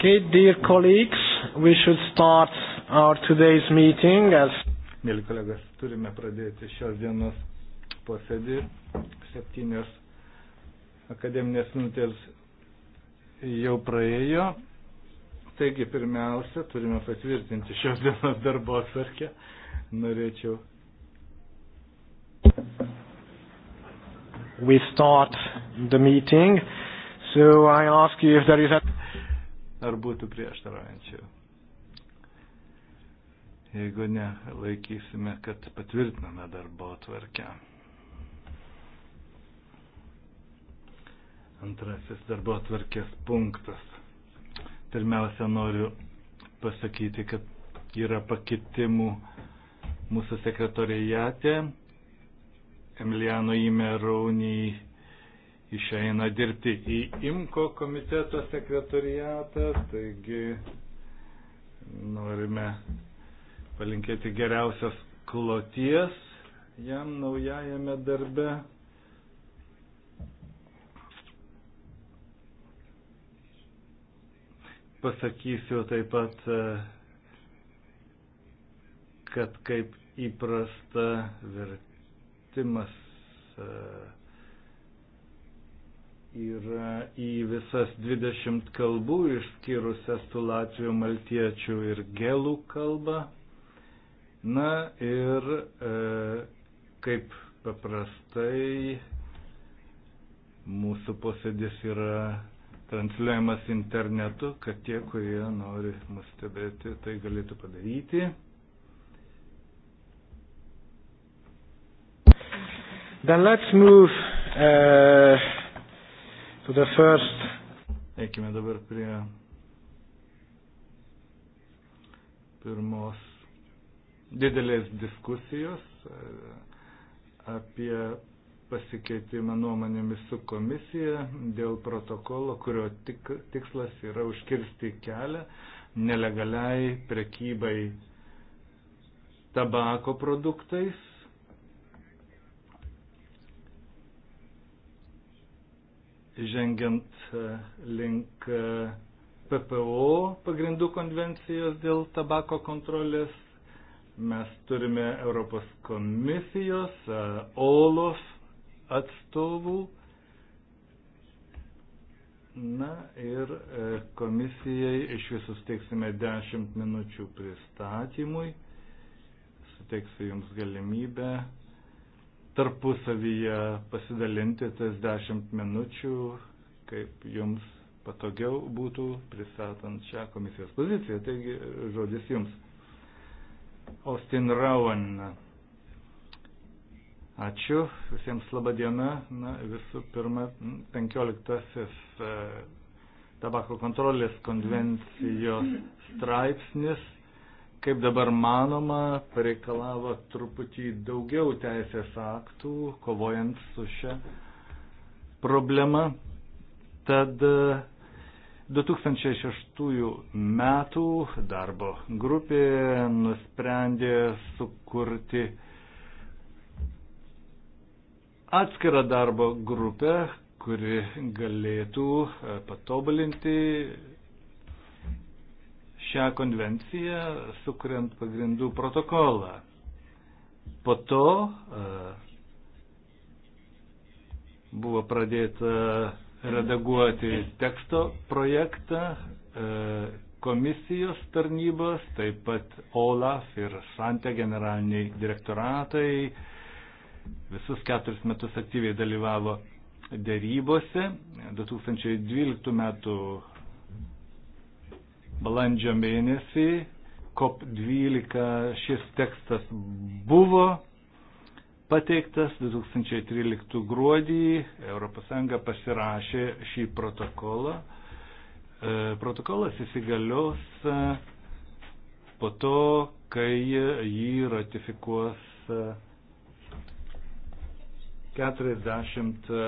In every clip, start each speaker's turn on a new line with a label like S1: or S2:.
S1: Okay, dear colleagues, we should start our today's meeting as. Mėly kolegos, turime pradėti šios dienos posėdį. Septynios akademinės minutės jau praėjo. Taigi, pirmiausia, turime patvirtinti šios dienos darbo atvarkę. Norėčiau.
S2: We start the meeting. So I ask you if there is a
S1: Ar būtų prieštaraujančių? Jeigu ne, laikysime, kad patvirtiname darbo atvarkę. Antrasis darbo atvarkės punktas. Pirmiausia, noriu pasakyti, kad yra pakitimų mūsų sekretorijate Emiliano Imeraunį išeina dirbti į IMKO komiteto sekretariatą, taigi norime palinkėti geriausios kloties jam naujajame darbe. Pasakysiu taip pat, kad kaip įprasta vertimas uh, yra į visas 20 kalbų, išskyrus estų latvių, maltiečių ir gelų kalbą. Na ir e, kaip paprastai mūsų posėdis yra transliuojamas internetu, kad tie, kurie nori mus stebėti, tai galėtų padaryti. Then let's move uh, to the first. Eikime dabar prie pirmos didelės diskusijos e, apie pasikeitimą nuomonėmis su komisija dėl protokolo, kurio tik, tikslas yra užkirsti kelią nelegaliai prekybai tabako produktais žengiant e, link e, PPO pagrindų konvencijos dėl tabako kontrolės. Mes turime Europos komisijos, e, OLOF atstovų. Na ir komisijai iš visų steiksime 10 minučių pristatymui. Suteiksiu Jums galimybę tarpusavyje pasidalinti tas dešimt minučių, kaip jums patogiau būtų pristatant šią komisijos poziciją. Taigi, žodis jums. Austin Rowan. Ačiū, visiems laba diena. Na, visų pirma, 15-asis e, tabako kontrolės konvencijos straipsnis kaip dabar manoma, pareikalavo truputį daugiau teisės aktų, kovojant su šia problema. Tad 2006 e, metų darbo grupė nusprendė sukurti atskirą darbo grupę, kuri galėtų e, patobulinti šią konvenciją, sukuriant pagrindų protokolą. Po to
S2: e,
S1: buvo pradėta redaguoti teksto projektą e, komisijos tarnybos, taip pat OLAF ir Sante generaliniai direktoratai visus keturis metus aktyviai dalyvavo dėrybose. 2012 metų balandžio mėnesį. COP12 šis tekstas buvo pateiktas 2013 gruodį. ES pasirašė šį protokolą. E, protokolas įsigalios e, po to, kai jį ratifikuos 40 e,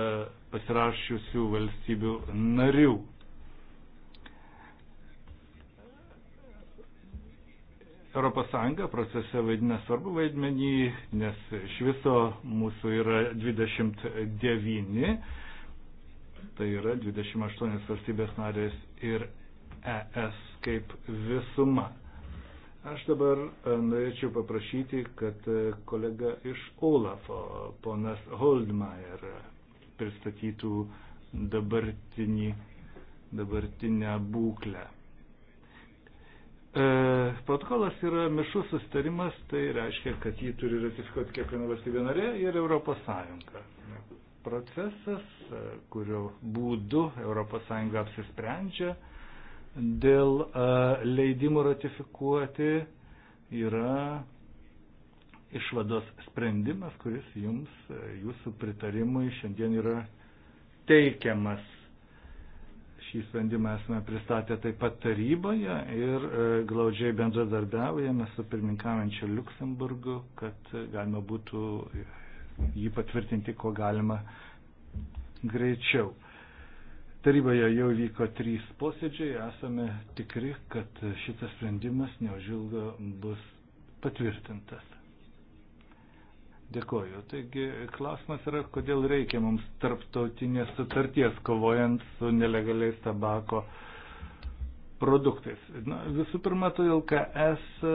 S1: pasirašiusių valstybių narių. ES procese vaidina svarbu vaidmenį, nes iš viso mūsų yra 29, tai yra 28 valstybės narės ir ES kaip visuma. Aš dabar e, norėčiau paprašyti, kad e, kolega iš Olafo, ponas Holdmeier, pristatytų dabartinį, dabartinę būklę. E, protokolas yra mišrus sustarimas, tai reiškia, kad jį turi ratifikuoti kiekviena valstybė narė ir Europos Sąjunga. Procesas, e, kurio būdu Europos Sąjunga apsisprendžia dėl e, leidimų ratifikuoti, yra išvados sprendimas, kuris jums, jūsų pritarimui šiandien yra teikiamas. Šį sprendimą esame pristatę taip pat taryboje ir e, glaudžiai bendradarbiaujame su pirminkaujančiu Luksemburgu, kad galima būtų jį patvirtinti, ko galima greičiau. Taryboje jau vyko trys posėdžiai, esame tikri, kad šitas sprendimas neužilgo bus patvirtintas. Dėkoju. Taigi klausimas yra, kodėl reikia mums tarptautinės sutarties kovojant su nelegaliais tabako produktais. Na, visų pirma, todėl KS e,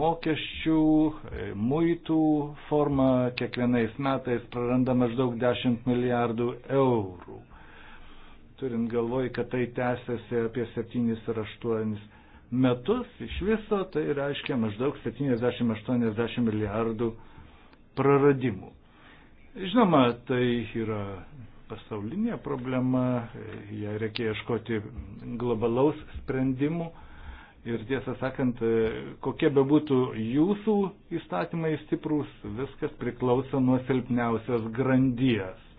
S1: mokesčių, e, muitų forma kiekvienais metais praranda maždaug 10 milijardų eurų. Turint galvoj, kad tai tęsiasi apie 7 ar 8 metus, iš viso tai reiškia maždaug 70-80 milijardų eurų praradimų. Žinoma, tai yra pasaulinė problema, ją reikia ieškoti globalaus sprendimų. Ir tiesą sakant, kokie bebūtų jūsų įstatymai stiprūs, viskas priklauso nuo silpniausios grandies. E,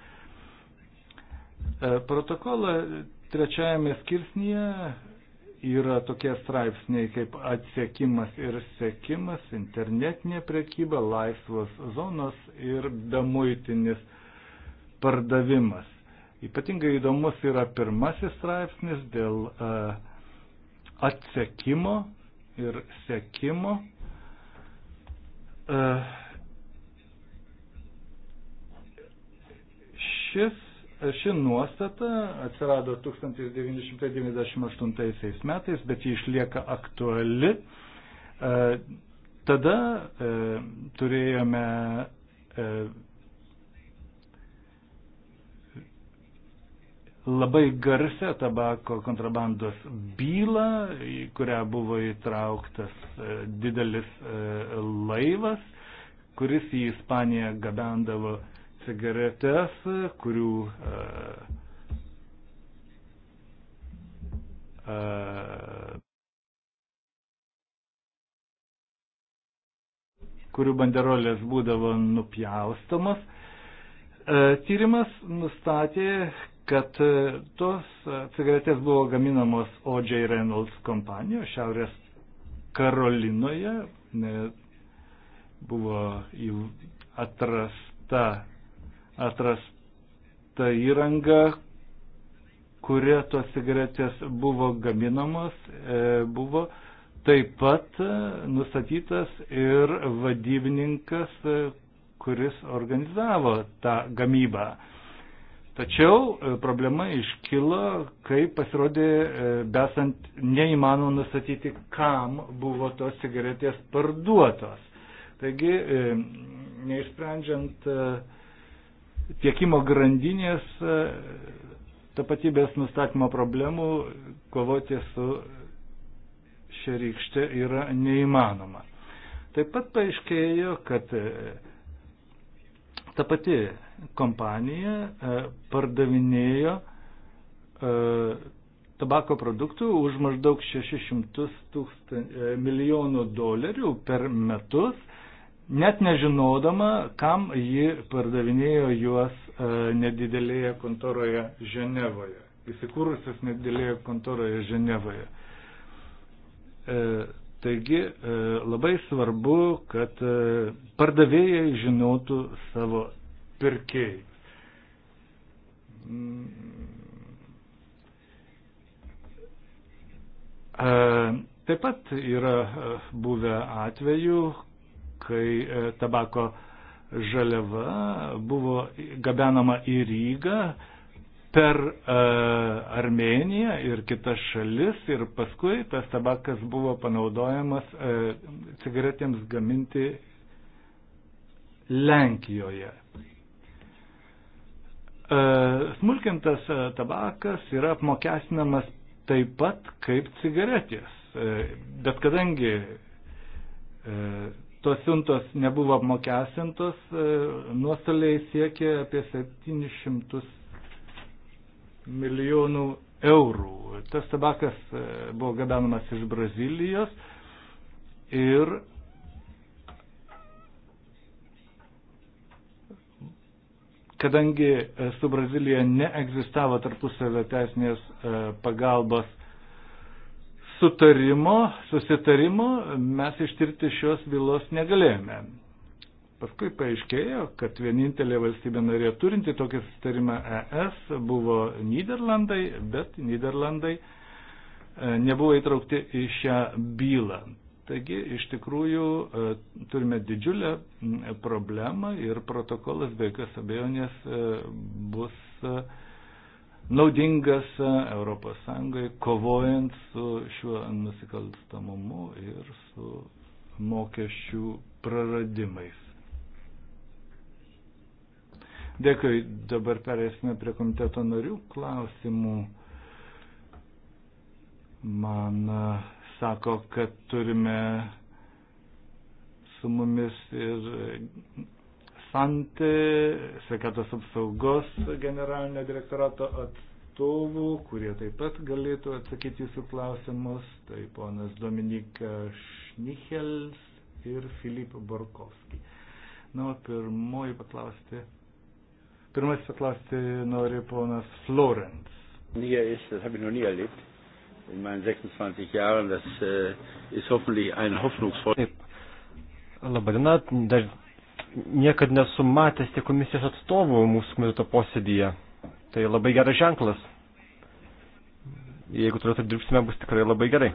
S1: protokolą trečiajame skirsnyje yra tokie straipsniai kaip atsiekimas ir sekimas, internetinė prekyba, laisvos zonos ir bemuitinis pardavimas. Ypatingai įdomus yra pirmasis straipsnis dėl e, atsekimo ir sekimo. E, šis Ši nuostata atsirado 1998 metais, bet ji išlieka aktuali. E, tada e, turėjome e, labai garsę tabako kontrabandos bylą, į kurią buvo įtrauktas didelis laivas, kuris į Ispaniją gabendavo cigaretes, kurių a, e, a, e, kurių banderolės būdavo nupjaustamos. E, tyrimas nustatė, kad tos cigaretės buvo gaminamos O.J. Reynolds kompanijos Šiaurės Karolinoje. Buvo atrasta atrasta įranga, kuria tos cigaretės buvo gaminamos, e, buvo taip pat e, nustatytas ir vadybininkas, e, kuris organizavo tą gamybą. Tačiau problema iškilo, kai pasirodė, besant neįmanoma nustatyti, kam buvo tos cigaretės parduotos. Taigi, neišsprendžiant uh, tiekimo grandinės e, tapatybės nustatymo problemų kovoti su šia rykšte yra neįmanoma. Taip pat paaiškėjo, kad e, ta pati kompanija e, pardavinėjo tabako produktų už maždaug 600 tūkstan, milijonų dolerių per metus net nežinodama, kam ji pardavinėjo juos e, nedidelėje kontoroje Ženevoje, įsikūrusios nedidelėje kontoroje Ženevoje. E, taigi e, labai svarbu, kad pardavėjai žinotų savo pirkėjai. Mm. Taip pat yra buvę atvejų, kai e, tabako žaliava buvo gabenama į Rygą per e, Armeniją ir kitas šalis ir paskui tas tabakas buvo panaudojamas e, cigaretėms gaminti Lenkijoje. Smulkintas tabakas yra apmokestinamas taip pat kaip cigaretės. Bet kadangi tos siuntos nebuvo apmokestintos, e, nuostoliai siekė apie 700 milijonų eurų. Tas tabakas e, buvo gabenamas iš Brazilijos ir kadangi e, su Brazilija neegzistavo tarpusavio teisinės pagalbos sutarimo, susitarimo mes ištirti šios bylos negalėjome. Paskui paaiškėjo, kad vienintelė valstybė narė turinti tokį sustarimą ES buvo Niderlandai, bet Niderlandai e, nebuvo įtraukti į šią bylą. Taigi iš tikrųjų e, turime didžiulę problemą ir protokolas be jokios abejonės e, bus naudingas ES kovojant su šiuo nusikalstamumu ir su mokesčių praradimais. Dėkui, dabar perėsime prie komiteto narių klausimų. Man e, sako, kad turime su mumis ir Santė, sveikatos apsaugos generalinio direktorato atstovų, kurie taip pat galėtų atsakyti jūsų klausimus. Tai ponas Dominika Šnichels ir Filip Borkovski. Na, pirmoji paklausti. Pirmasis paklausti nori ponas Florence.
S2: Nie ist, das habe ich noch nie erlebt in meinen 26 Jahren. Das äh, ist hoffentlich ein hoffnungsvoller. Labadiena, dar niekad nesu matęs tiek komisijos atstovų mūsų komiteto posėdyje. Tai labai geras ženklas. Jeigu toliau taip dirbsime, bus tikrai labai gerai.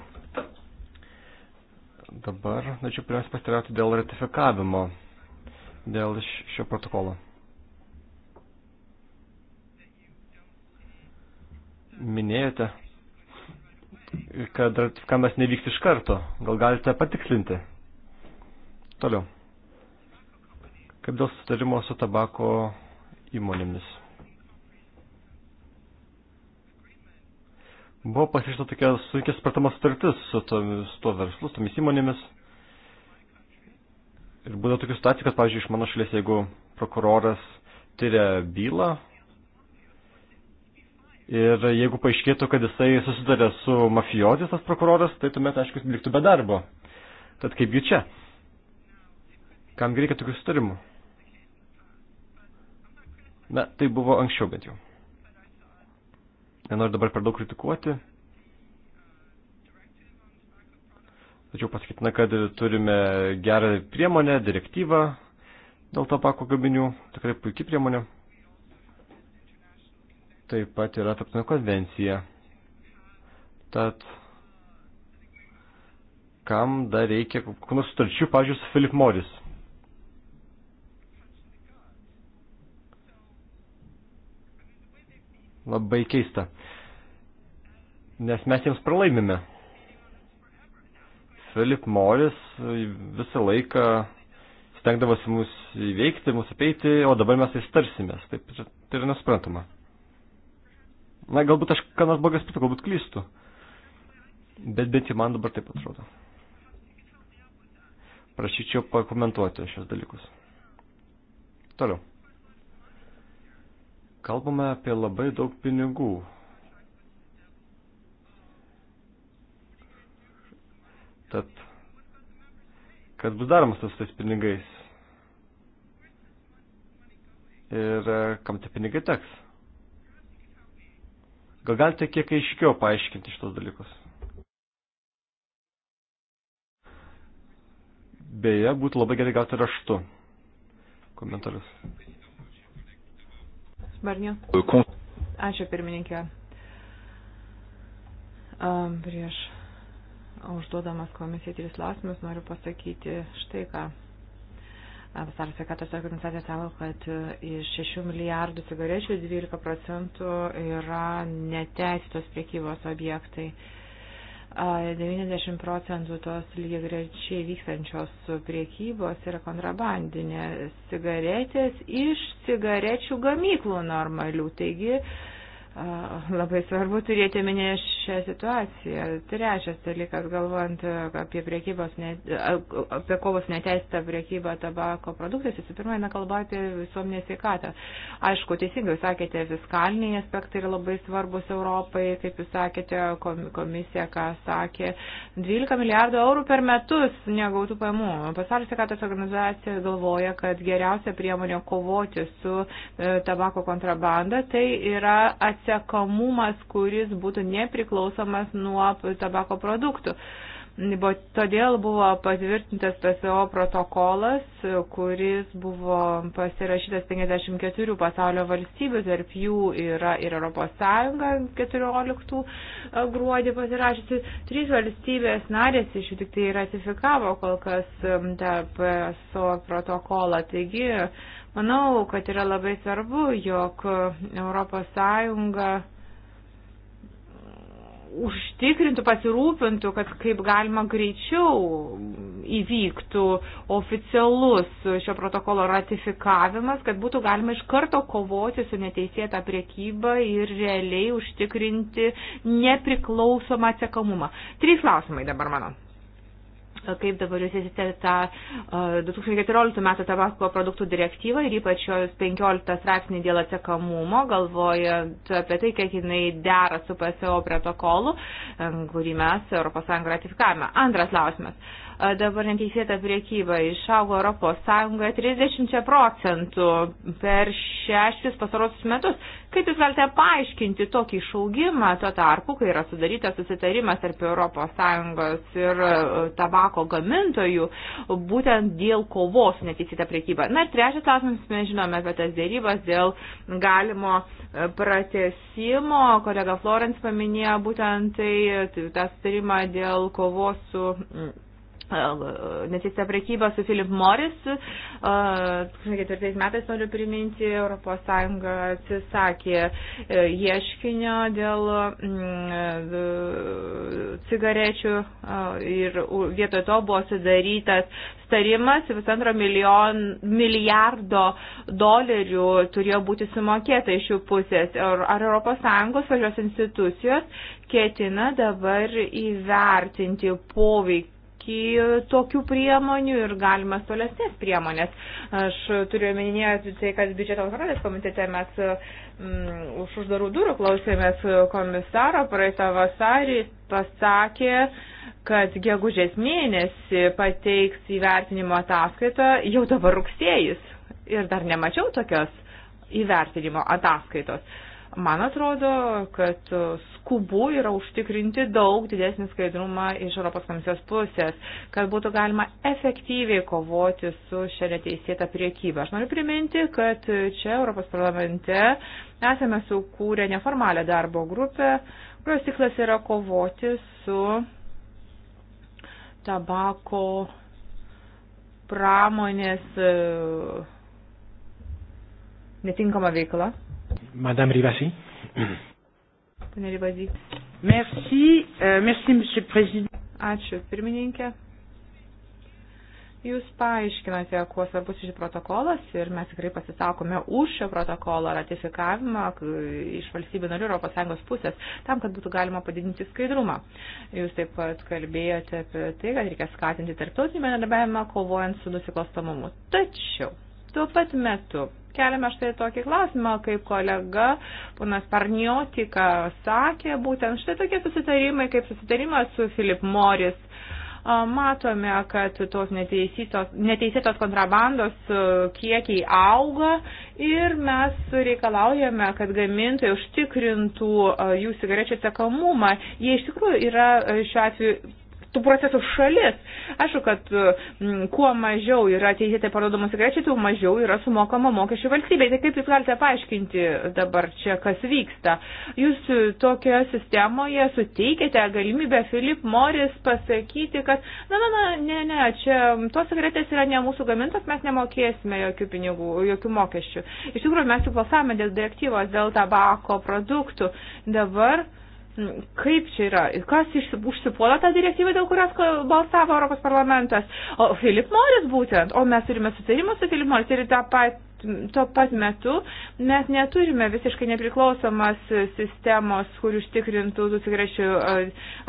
S2: Dabar norėčiau pirmiausia pastirauti dėl ratifikavimo, dėl šio protokolo. Minėjote, kad ratifikavimas nevyks iš karto. Gal galite patikslinti? Toliau kaip dėl sutarimo su tabako įmonėmis. Buvo pasišta tokia sunkiai supratama sutartis su tomis, tuo verslu, su tomis įmonėmis. Ir būna tokių situacijų, kad, pavyzdžiui, iš mano šalies, jeigu prokuroras tyria bylą ir jeigu paaiškėtų, kad jisai susidarė su mafijozis tas prokuroras, tai tuomet, aišku, jis liktų be darbo. Tad kaip jų čia? Kam reikia tokių sutarimų? Na, tai buvo anksčiau bent jau. Nenoriu dabar per daug kritikuoti. Tačiau pasakytina, kad turime gerą priemonę, direktyvą dėl tabako gaminių. Tikrai puikia priemonė. Taip pat yra tarptautinė konvencija. Tad kam dar reikia kokių nors sutarčių, pavyzdžiui, su Philip Morris. labai keista. Nes mes jiems pralaimime. Philip Morris e, visą laiką stengdavosi mus įveikti, mus apeiti, o dabar mes įstarsimės. Taip, tai yra nesuprantama. Na, galbūt aš ką nors blogas pritau, galbūt klystu. Bet bent jau man dabar taip atrodo. Prašyčiau pakomentuoti šios dalykus. Toliau. Kalbame apie labai daug pinigų. Tad, kad bus daromas su tais pinigais. Ir e, kam tie pinigai teks? Gal galite kiek aiškiau paaiškinti šitos dalykus? Beje, būtų labai gerai gauti raštu komentarus.
S3: Barniu. Ačiū pirmininkė. Prieš užduodamas komisijai tris klausimus noriu pasakyti štai ką. Pasaulio sveikatos organizacija sako, kad e, iš 6 milijardų cigarečių 12 procentų yra neteisėtos priekybos objektai. 90 procentų tos lygiai grečiai vykstančios priekybos yra kontrabandinės cigaretės iš cigarečių gamyklų normalių. Taigi Labai svarbu turėti minėję šią situaciją. Trečias dalykas, galvojant apie, ne, apie kovos neteistą priekybą tabako produktais, visų pirma, eina kalba apie visuomenės sveikatą. Aišku, teisingai jūs sakėte, fiskaliniai aspektai yra labai svarbus Europai, kaip jūs sakėte, komisija, ką sakė, 12 milijardų eurų per metus negautų pajamų. Pasaulio sveikatos organizacija galvoja, kad geriausia priemonė kovoti su e, tabako kontrabanda tai yra atsitikti atsekamumas, kuris būtų nepriklausomas nuo tabako produktų. Todėl buvo patvirtintas PSO protokolas, kuris buvo pasirašytas 54 pasaulio valstybių, tarp jų yra ir ES 14 e, gruodį pasirašysi. Trys valstybės narės iš jų tik tai ratifikavo kol kas e, tą PSO protokolą. Taigi Manau, kad yra labai svarbu, jog ES užtikrintų, pasirūpintų, kad kaip galima greičiau įvyktų oficialus šio protokolo ratifikavimas, kad būtų galima iš karto kovoti su neteisėta priekyba ir realiai užtikrinti nepriklausomą atsekamumą. Trys klausimai dabar mano kaip dabar jūs esite tą 2014 metų tabako produktų direktyvą ir ypač jos 15 straipsnį dėl atsekamumo, galvojant apie tai, kiek jinai dera su PSO protokolu, kurį mes ES ratifikavome. Antras klausimas dabar neteisėta priekyba išaugo Europos Sąjungoje 30 procentų per šešis pasarosius metus. Kaip Jūs galite paaiškinti tokį išaugimą tuo tarpu, kai yra sudarytas susitarimas tarp Europos Sąjungos ir tabako gamintojų, būtent dėl kovos neteisėta priekyba? Na ir trečias klausimas, mes žinome apie tas dėrybas dėl galimo pratesimo. Kolega Florence paminėjo būtent tai, tai tą sutarimą dėl kovos su Neteisė prekyba su Philip Morris, 2004 metais noriu priminti, ES atsisakė e, ieškinio dėl mm, e, cigarečių ir vietoj to buvo sudarytas starimas, visantro milijardo dolerių turėjo būti sumokėta iš jų pusės. Ar ES valdžios institucijos ketina dabar įvertinti poveikį? iki tokių priemonių ir galimas tolesnės priemonės. Aš turiu omenyje tai, kad biudžeto kontrolės komitete mes mm, už uždarų durų klausėmės komisaro praeitą vasarį, pasakė, kad gegužės mėnesį pateiks įvertinimo ataskaitą jau dabar rugsėjais. Ir dar nemačiau tokios įvertinimo ataskaitos. Man atrodo, kad skubu yra užtikrinti daug didesnį skaidrumą iš Europos komisijos pusės, kad būtų galima efektyviai kovoti su šia neteisėta priekyba. Aš noriu priminti, kad čia Europos parlamente esame sukūrę neformalią darbo grupę, kurios tiklas yra kovoti su tabako pramonės e, netinkama veikla.
S4: Madame Rivasi.
S3: Pane Rivasi. Merci, uh, merci, monsieur président. Ačiū, pirmininkė. Jūs paaiškinate, kuo svarbus šis protokolas ir mes tikrai pasisakome už šio protokolo ratifikavimą iš valstybių narių ES pusės, tam, kad būtų galima padidinti skaidrumą. Jūs taip pat kalbėjote apie tai, kad reikia skatinti tarptautinį bendradarbiavimą, kovojant su nusikalstamumu. Tačiau Tuo pat metu keliame štai tokį klausimą, kaip kolega ponas Parniotika sakė, būtent štai tokie susitarimai, kaip susitarimas su Filip Moris. Matome, kad tos neteisėtos kontrabandos kiekiai auga ir mes reikalaujame, kad gamintojai užtikrintų jų cigarečių atsakomumą. Jie iš tikrųjų yra šiuo atveju tų procesų šalis. Aišku, kad e, m, kuo mažiau yra teisėtai parduodamų cigarečių, tuo mažiau yra sumokama mokesčių valstybei. Tai kaip jūs galite paaiškinti dabar čia, kas vyksta? Jūs tokioje sistemoje suteikėte galimybę Filip Moris pasakyti, kad, na, na, na, ne, ne, čia tos cigaretės yra ne mūsų gamintos, mes nemokėsime jokių pinigų, jokių mokesčių. Iš tikrųjų, mes jau balsavome dėl direktyvos, dėl tabako produktų. Dabar Kaip čia yra? Kas užsipuola tą direktyvą, dėl kurios balsavo Europos parlamentas? O Filip Moris būtent, o mes turime sutarimą su Filip Moris ir tą pat, tuo pat metu mes neturime visiškai nepriklausomas sistemos, kur užtikrintų tų cigarečių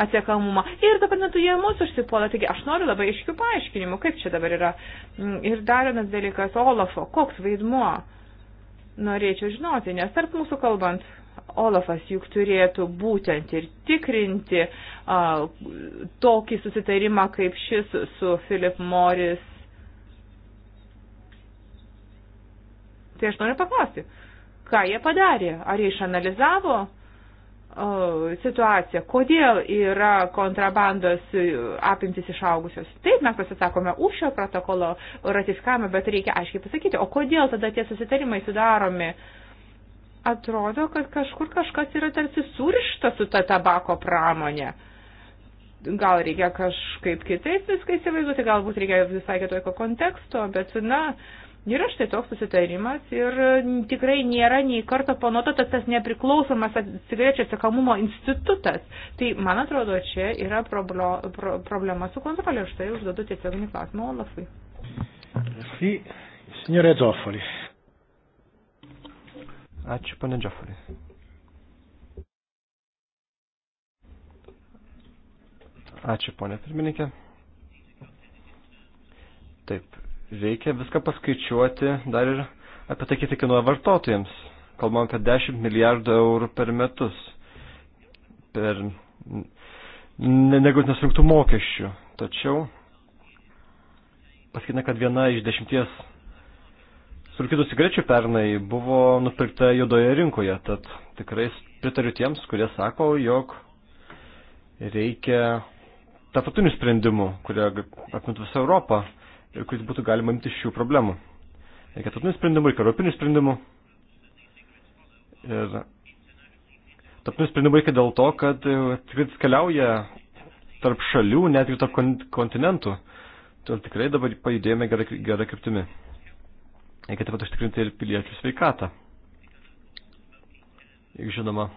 S3: atsiekamumą. Ir dabar metu jie mūsų užsipuola, taigi aš noriu labai aiškių paaiškinimų, kaip čia dabar yra. Mm, ir dar vienas dalykas, Olafo, koks vaidmuo? Norėčiau žinoti, nes tarp mūsų kalbant, Olafas juk turėtų būtent ir tikrinti a, tokį susitarimą kaip šis su Philip Morris. Tai aš noriu paklausti, ką jie padarė? Ar jie išanalizavo a, situaciją? Kodėl yra kontrabandos apimtis išaugusios? Taip, mes pasisakome už šio protokolo ratifikavimą, bet reikia aiškiai pasakyti, o kodėl tada tie susitarimai sudaromi? A, atrodo, kad kažkur kažkas yra tarsi surišta su ta tabako pramonė. Gal reikia kažkaip kitaip viską įsivaizduoti, galbūt reikia visai kitokio konteksto, bet, na, yra štai toks susitarimas ir tikrai nėra nei karto panototas tas nepriklausomas cigarečių atsakamumo institutas. Tai, man atrodo, čia yra problemo, pro, problema su kontrolė. Štai užduodu tiesioginį klausimą Olafui.
S2: Merci. Signore Zoffoli. Ačiū, pane Džofari. Ačiū, ponė pirmininkė. Taip, reikia viską paskaičiuoti dar ir apie tai, kiek tai kainuoja vartotojams. Kalbam apie 10 milijardų eurų per metus. Per negu nesurinktų mokesčių. Tačiau pasakytume, kad viena iš dešimties sulkytų cigarečių pernai buvo nupirkta juodoje rinkoje, tad tikrai pritariu tiems, kurie sako, jog reikia tarptautinių sprendimų, kurie apimtų visą Europą ir kuris būtų galima imti šių problemų. Reikia tarptautinių sprendimų, reikia europinių sprendimų. Ir tarptautinių sprendimų reikia dėl to, kad e, tikrai keliauja tarp šalių, netgi tarp kontinentų. Todėl tikrai dabar pajudėjome gerą kryptimį. Reikia taip pat užtikrinti ir piliečių sveikatą. Ir žinoma,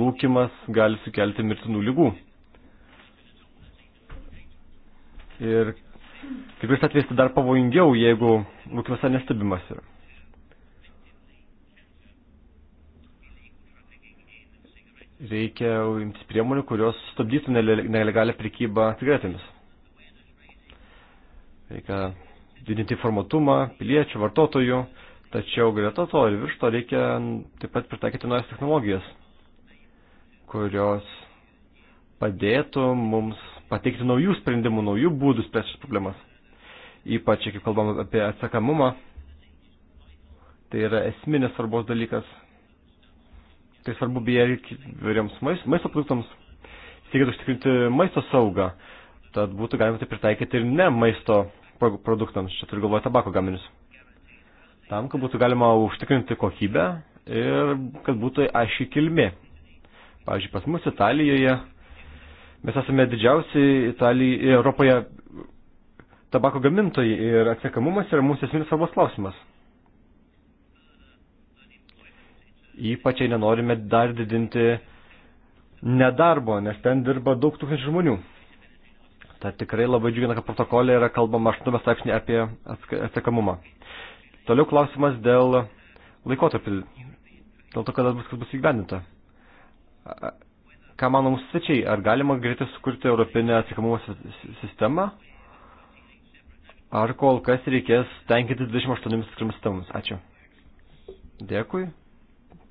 S2: rūkimas gali sukelti mirtinų lygų. Ir kai kuris atvejais tai dar pavojingiau, jeigu rūkimas nestebimas yra. Reikia imtis priemonių, kurios stabdytų nelegalią prekybą cigaretėmis. Reikia didinti informatumą piliečių, vartotojų, tačiau greta to ir virš to reikia taip pat pritaikyti naujas technologijas, kurios padėtų mums pateikti naujų sprendimų, naujų būdų spręsti problemas. Ypač, kaip kalbam apie atsakamumą, tai yra esminės svarbos dalykas. Tai svarbu beje ir vairiams maisto produktams, siekiant užtikrinti maisto saugą. Tad būtų galima tai pritaikyti ir ne maisto produktams, čia turiu galvoje tabako gaminius. Tam, kad būtų galima užtikrinti kokybę ir kad būtų aiški kilmi. Pavyzdžiui, pas mus Italijoje mes esame didžiausi Italijoje, Europoje tabako gamintojai ir atsiekamumas yra mūsų esminis svarbos klausimas. Ypač jei nenorime dar didinti nedarbo, nes ten dirba daug tūkstančių žmonių. Ta tikrai labai džiugina, kad protokolė yra kalbama 8 straipsnį apie atsakamumą. Toliau klausimas dėl laikotarpį, dėl to, kada viskas bus įgyvendinta. Ką mano mūsų svečiai, ar galima greitai sukurti europinę atsakamumo sistemą, ar kol kas reikės tenkinti 28 skirmis sistemus? Ačiū. Dėkui,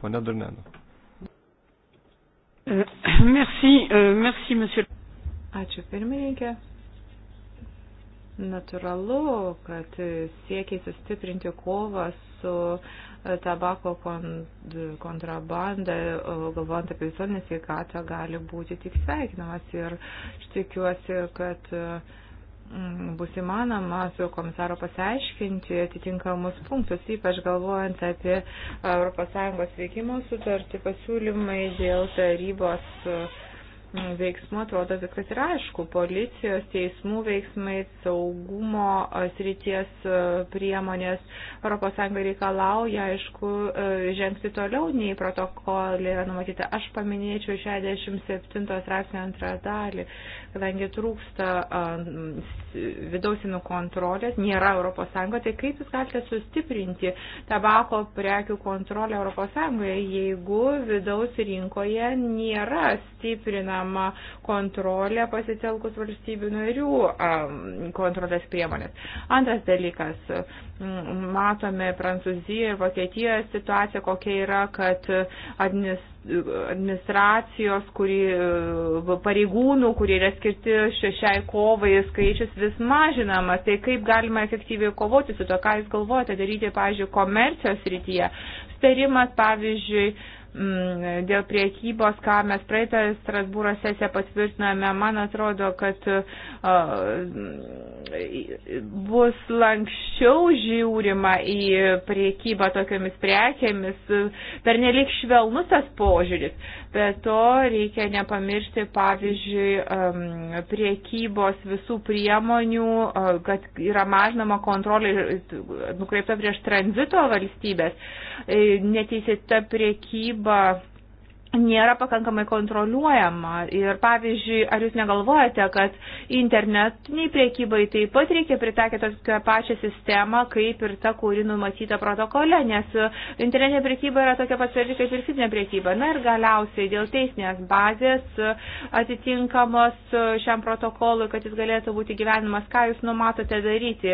S2: ponia Durnenu.
S3: Euh, merci, euh, merci, monsieur. Ačiū pirmininkė. Naturalu, kad siekiai sustiprinti kovą su e, tabako kontrabanda, galvojant apie visuomenę sveikatą, gali būti tik sveikinamas. Ir aš tikiuosi, kad e, bus įmanoma su komisaro pasiaiškinti atitinkamus punktus, ypač galvojant apie ES veikimo sutartį pasiūlymai dėl tarybos e, veiksmų atrodo viskas yra aišku. Policijos, teismų veiksmai, saugumo srities priemonės ES reikalauja, aišku, žengti toliau nei protokolė yra numatyta. Aš paminėčiau 67 straipsnio antrą dalį, kadangi trūksta vidausinų kontrolės, nėra ES, tai kaip jūs galite sustiprinti tabako prekių kontrolę ES, jeigu vidaus rinkoje nėra stiprina užtikrinama kontrolė pasitelkus valstybių narių kontrolės priemonės. Antras dalykas, matome Prancūziją ir Vokietiją situaciją, kokia yra, kad administracijos, kuri, pareigūnų, kurie yra skirti šiai kovai, skaičius vis mažinamas. Tai kaip galima efektyviai kovoti su to, ką jūs galvojate daryti, pavyzdžiui, komercijos rytyje. Starimas, pavyzdžiui, Mm, dėl priekybos, ką mes praeitą Strasbūro sesiją patvirtiname, man atrodo, kad e, bus lankščiau žiūrima į priekybą tokiamis prekėmis, per nelik švelnus tas požiūris. Be to reikia nepamiršti, pavyzdžiui, priekybos visų priemonių, e, kad yra mažinama kontrolė nukreipta prieš tranzito valstybės. E, neteisėta priekyba taryba nėra pakankamai kontroliuojama. Ir pavyzdžiui, ar jūs negalvojate, kad internetiniai priekybai taip pat reikia pritaikyti tokią pačią sistemą, kaip ir ta, kuri numatyta protokole, nes internetinė priekyba yra tokia pat svarbi kaip ir fizinė priekyba. Na ir galiausiai dėl teisinės bazės atitinkamos šiam protokolui, kad jis galėtų būti gyvenimas, ką jūs numatote daryti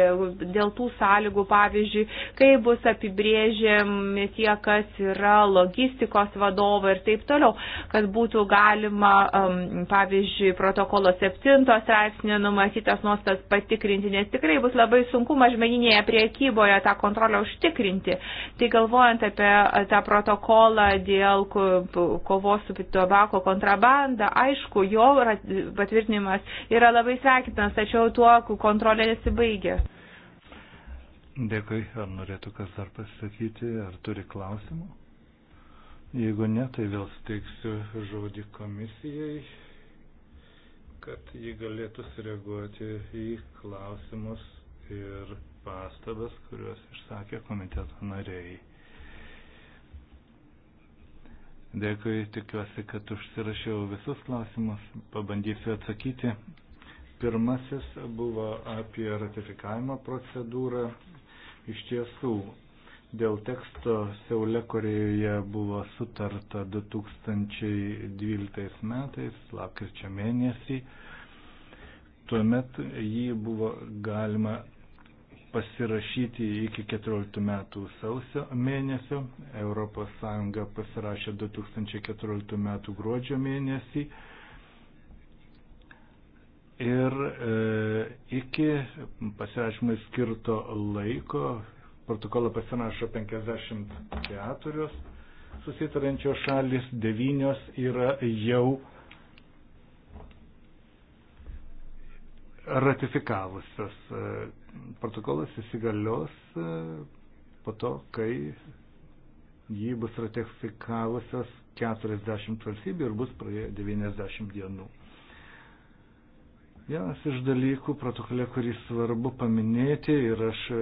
S3: dėl tų sąlygų, pavyzdžiui, kaip bus apibrėžiami tie, kas yra logistikos vadovai ir taip toliau toliau, kad būtų galima, um, pavyzdžiui, protokolo 7 straipsnė numatytas nuostas patikrinti, nes tikrai bus labai sunku mažmeninėje priekyboje tą kontrolę užtikrinti. Tai galvojant apie uh, tą protokolą dėl kovos su tobako kontrabanda, aišku, jo patvirtinimas yra labai sveikintas, tačiau tuo kontrolė nesibaigia.
S1: Dėkui, ar norėtų kas dar pasakyti, ar turi klausimų? Jeigu ne, tai vėl steiksiu žodį komisijai, kad jį galėtų sureaguoti į klausimus ir pastabas, kuriuos išsakė komiteto nariai. Dėkui, tikiuosi, kad užsirašiau visus klausimus, pabandysiu atsakyti. Pirmasis buvo apie ratifikavimo procedūrą. Iš tiesų, Dėl teksto Seule Korejoje buvo sutarta 2012 metais, lapkričio mėnesį. Tuomet jį buvo galima pasirašyti iki 14 metų sausio mėnesio. ES pasirašė 2014 metų gruodžio mėnesį. Ir e, iki pasirašymai skirto laiko Protokolą pasirašo 54 susitarančios šalis, 9 yra jau ratifikavusios. E, protokolas įsigalios e, po to, kai jį bus ratifikavusios 40 valstybių ir bus praėję 90 dienų. Vienas iš dalykų protokole, kurį svarbu paminėti, ir aš e,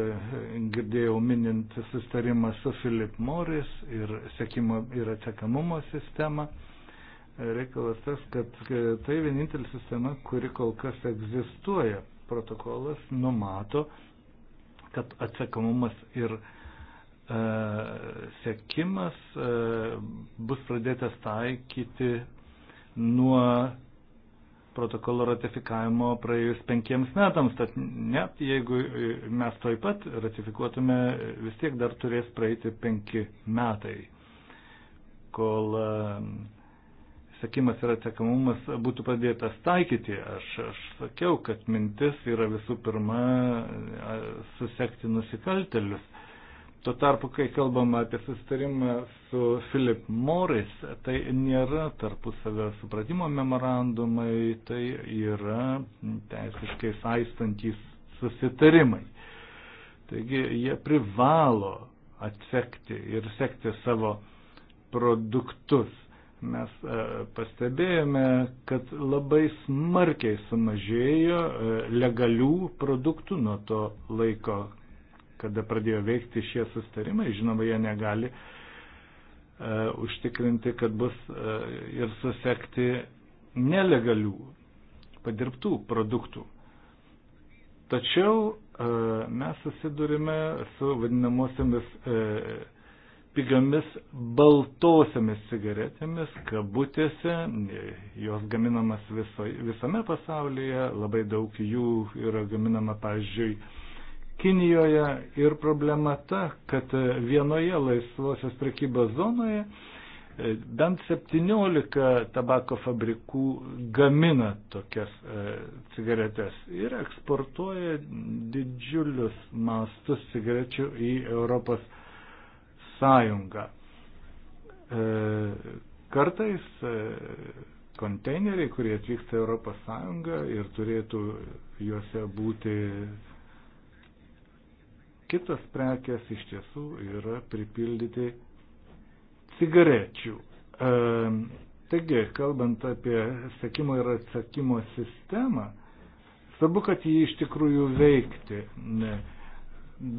S1: girdėjau minint sustarimą su Philip Morris ir sekimo ir atsekamumo sistemą, e, reikalas tas, kad e, tai vienintelis sistema, kuri kol kas egzistuoja. Protokolas numato, kad atsekamumas ir e, sekimas e, bus pradėtas taikyti nuo protokolo ratifikavimo praėjus penkiems metams, tad net jeigu mes toj pat ratifikuotume, vis tiek dar turės praeiti penki metai, kol sekimas ir atsekamumas būtų pradėtas taikyti. Aš, aš sakiau, kad mintis yra visų pirma susekti nusikaltelius. Tuo tarpu, kai kalbama apie sustarimą su Philip Morris, tai nėra tarpusavio supratimo memorandumai, tai yra teisiškai saistantys susitarimai. Taigi jie privalo atsekti ir sekti savo produktus. Mes e, pastebėjome, kad labai smarkiai sumažėjo e, legalių produktų nuo to laiko, kada pradėjo veikti šie sustarimai, žinoma, jie negali e, užtikrinti, kad bus e, ir susekti nelegalių padirbtų produktų. Tačiau e, mes susidurime su vadinamosiamis e, pigiamis baltosiamis cigaretėmis, kabutėse, jos gaminamas viso, visame pasaulyje, labai daug jų yra gaminama, pavyzdžiui, Kinijoje ir problema ta, kad vienoje laisvosios prekybos zonoje e, bent 17 tabako fabrikų gamina tokias e, cigaretės ir eksportuoja didžiulius mastus cigarečių į Europos Sąjungą. E, kartais konteineriai, kurie atvyksta Europos Sąjungą ir turėtų juose būti kitos prekes iš tiesų yra pripildyti cigarečių. E, taigi, kalbant apie sekimo ir atsakymo sistemą, svarbu, kad jį iš tikrųjų veikti. Ne,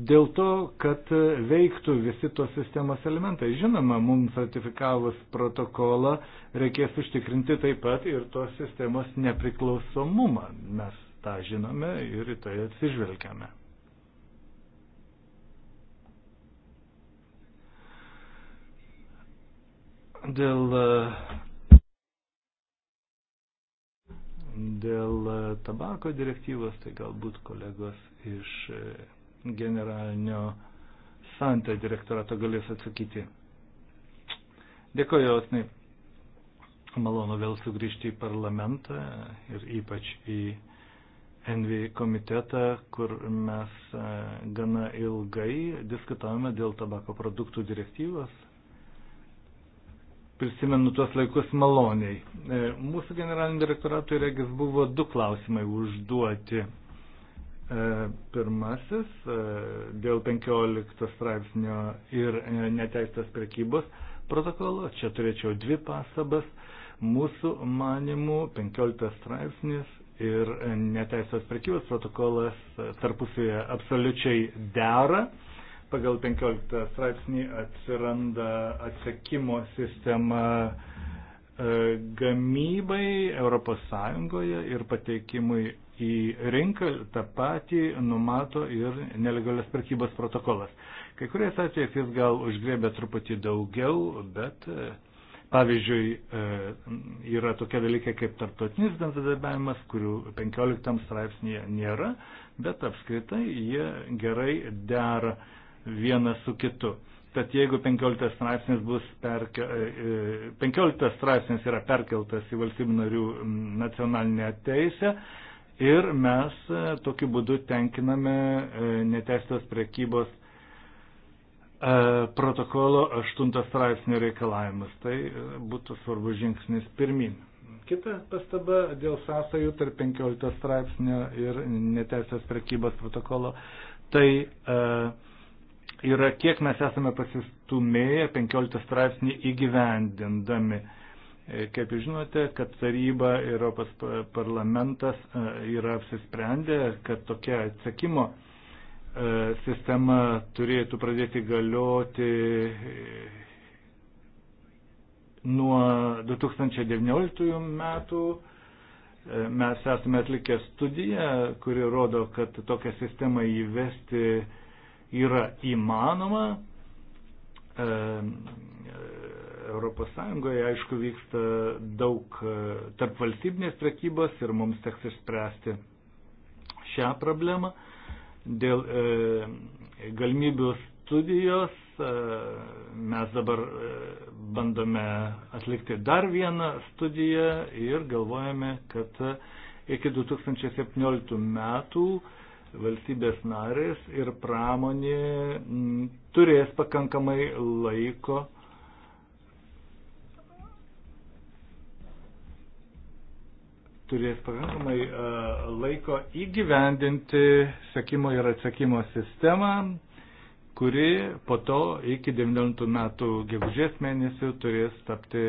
S1: dėl to, kad veiktų visi tos sistemos elementai. Žinoma, mums ratifikavus protokolą reikės užtikrinti taip pat ir tos sistemos nepriklausomumą. Mes tą žinome ir į tai atsižvelgiame. dėl, dėl tabako direktyvos, tai galbūt kolegos iš e, generalinio santė direktorato galės atsakyti. Dėkoju, Osnai. Malonu vėl sugrįžti į parlamentą ir ypač į Envy komitetą, kur mes e, gana ilgai diskutavome dėl tabako produktų direktyvos, prisimenu tuos laikus maloniai. E, mūsų generaliniam direktoratui regis buvo du klausimai užduoti. E, pirmasis e, dėl 15 straipsnio ir neteistas prekybos protokolo. Čia turėčiau dvi pasabas. Mūsų manimų 15 straipsnis ir neteistos prekybos protokolas tarpusėje absoliučiai dera pagal 15 straipsnį atsiranda atsekimo sistema e, gamybai ES ir pateikimui į rinką tą patį numato ir nelegalios prekybos protokolas. Kai kuriais atvejais jis gal užgrėbė truputį daugiau, bet e, pavyzdžiui e, yra tokie dalykai kaip tarptautinis bendradarbiavimas, kurių 15 straipsnėje nėra, bet apskritai jie gerai dera vienas su kitu. Tad jeigu 15 straipsnis, bus perke, 15 e, e, straipsnis yra perkeltas į valstybių narių nacionalinę teisę ir mes e, tokiu būdu tenkiname neteistos prekybos protokolo 8 straipsnio reikalavimus. Tai būtų svarbus žingsnis pirmin. Kita pastaba dėl sąsajų tarp 15 straipsnio ir neteisės prekybos protokolo. Tai uh, yra, kiek mes esame pasistumėję 15 straipsnį įgyvendindami. E, kaip jūs žinote, kad taryba ir Europos parlamentas e, yra apsisprendę, kad tokia atsakymo e, sistema turėtų pradėti galioti nuo 2019 metų. Mes esame atlikę studiją, kuri rodo, kad tokią sistemą įvesti yra įmanoma. E, Europos Sąjungoje, aišku, vyksta daug e, tarp valstybinės prekybos ir mums teks išspręsti šią problemą. Dėl e, galimybių studijos e, mes dabar e, bandome atlikti dar vieną studiją ir galvojame, kad e, iki 2017 metų e, valstybės narės ir pramonė mm, turės pakankamai laiko turės pakankamai e, laiko įgyvendinti sekimo ir atsekimo sistemą, kuri po to iki 19 metų gegužės mėnesių turės tapti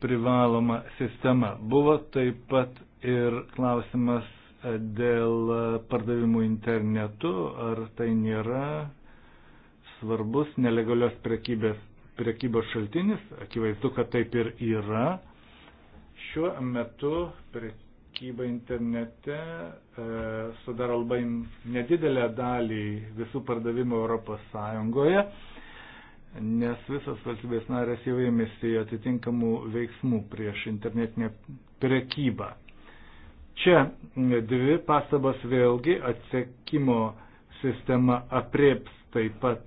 S1: privaloma sistema. Buvo taip pat ir klausimas dėl pardavimų internetu, ar tai nėra svarbus nelegalios prekybės, prekybos šaltinis. Akivaizdu, kad taip ir yra. Šiuo metu prekyba internete e, sudaro labai nedidelę dalį visų pardavimų Europos Sąjungoje, nes visas valstybės narės jau ėmėsi atitinkamų veiksmų prieš internetinę prekybą. Čia dvi pastabos vėlgi atsekimo sistema aprieps taip pat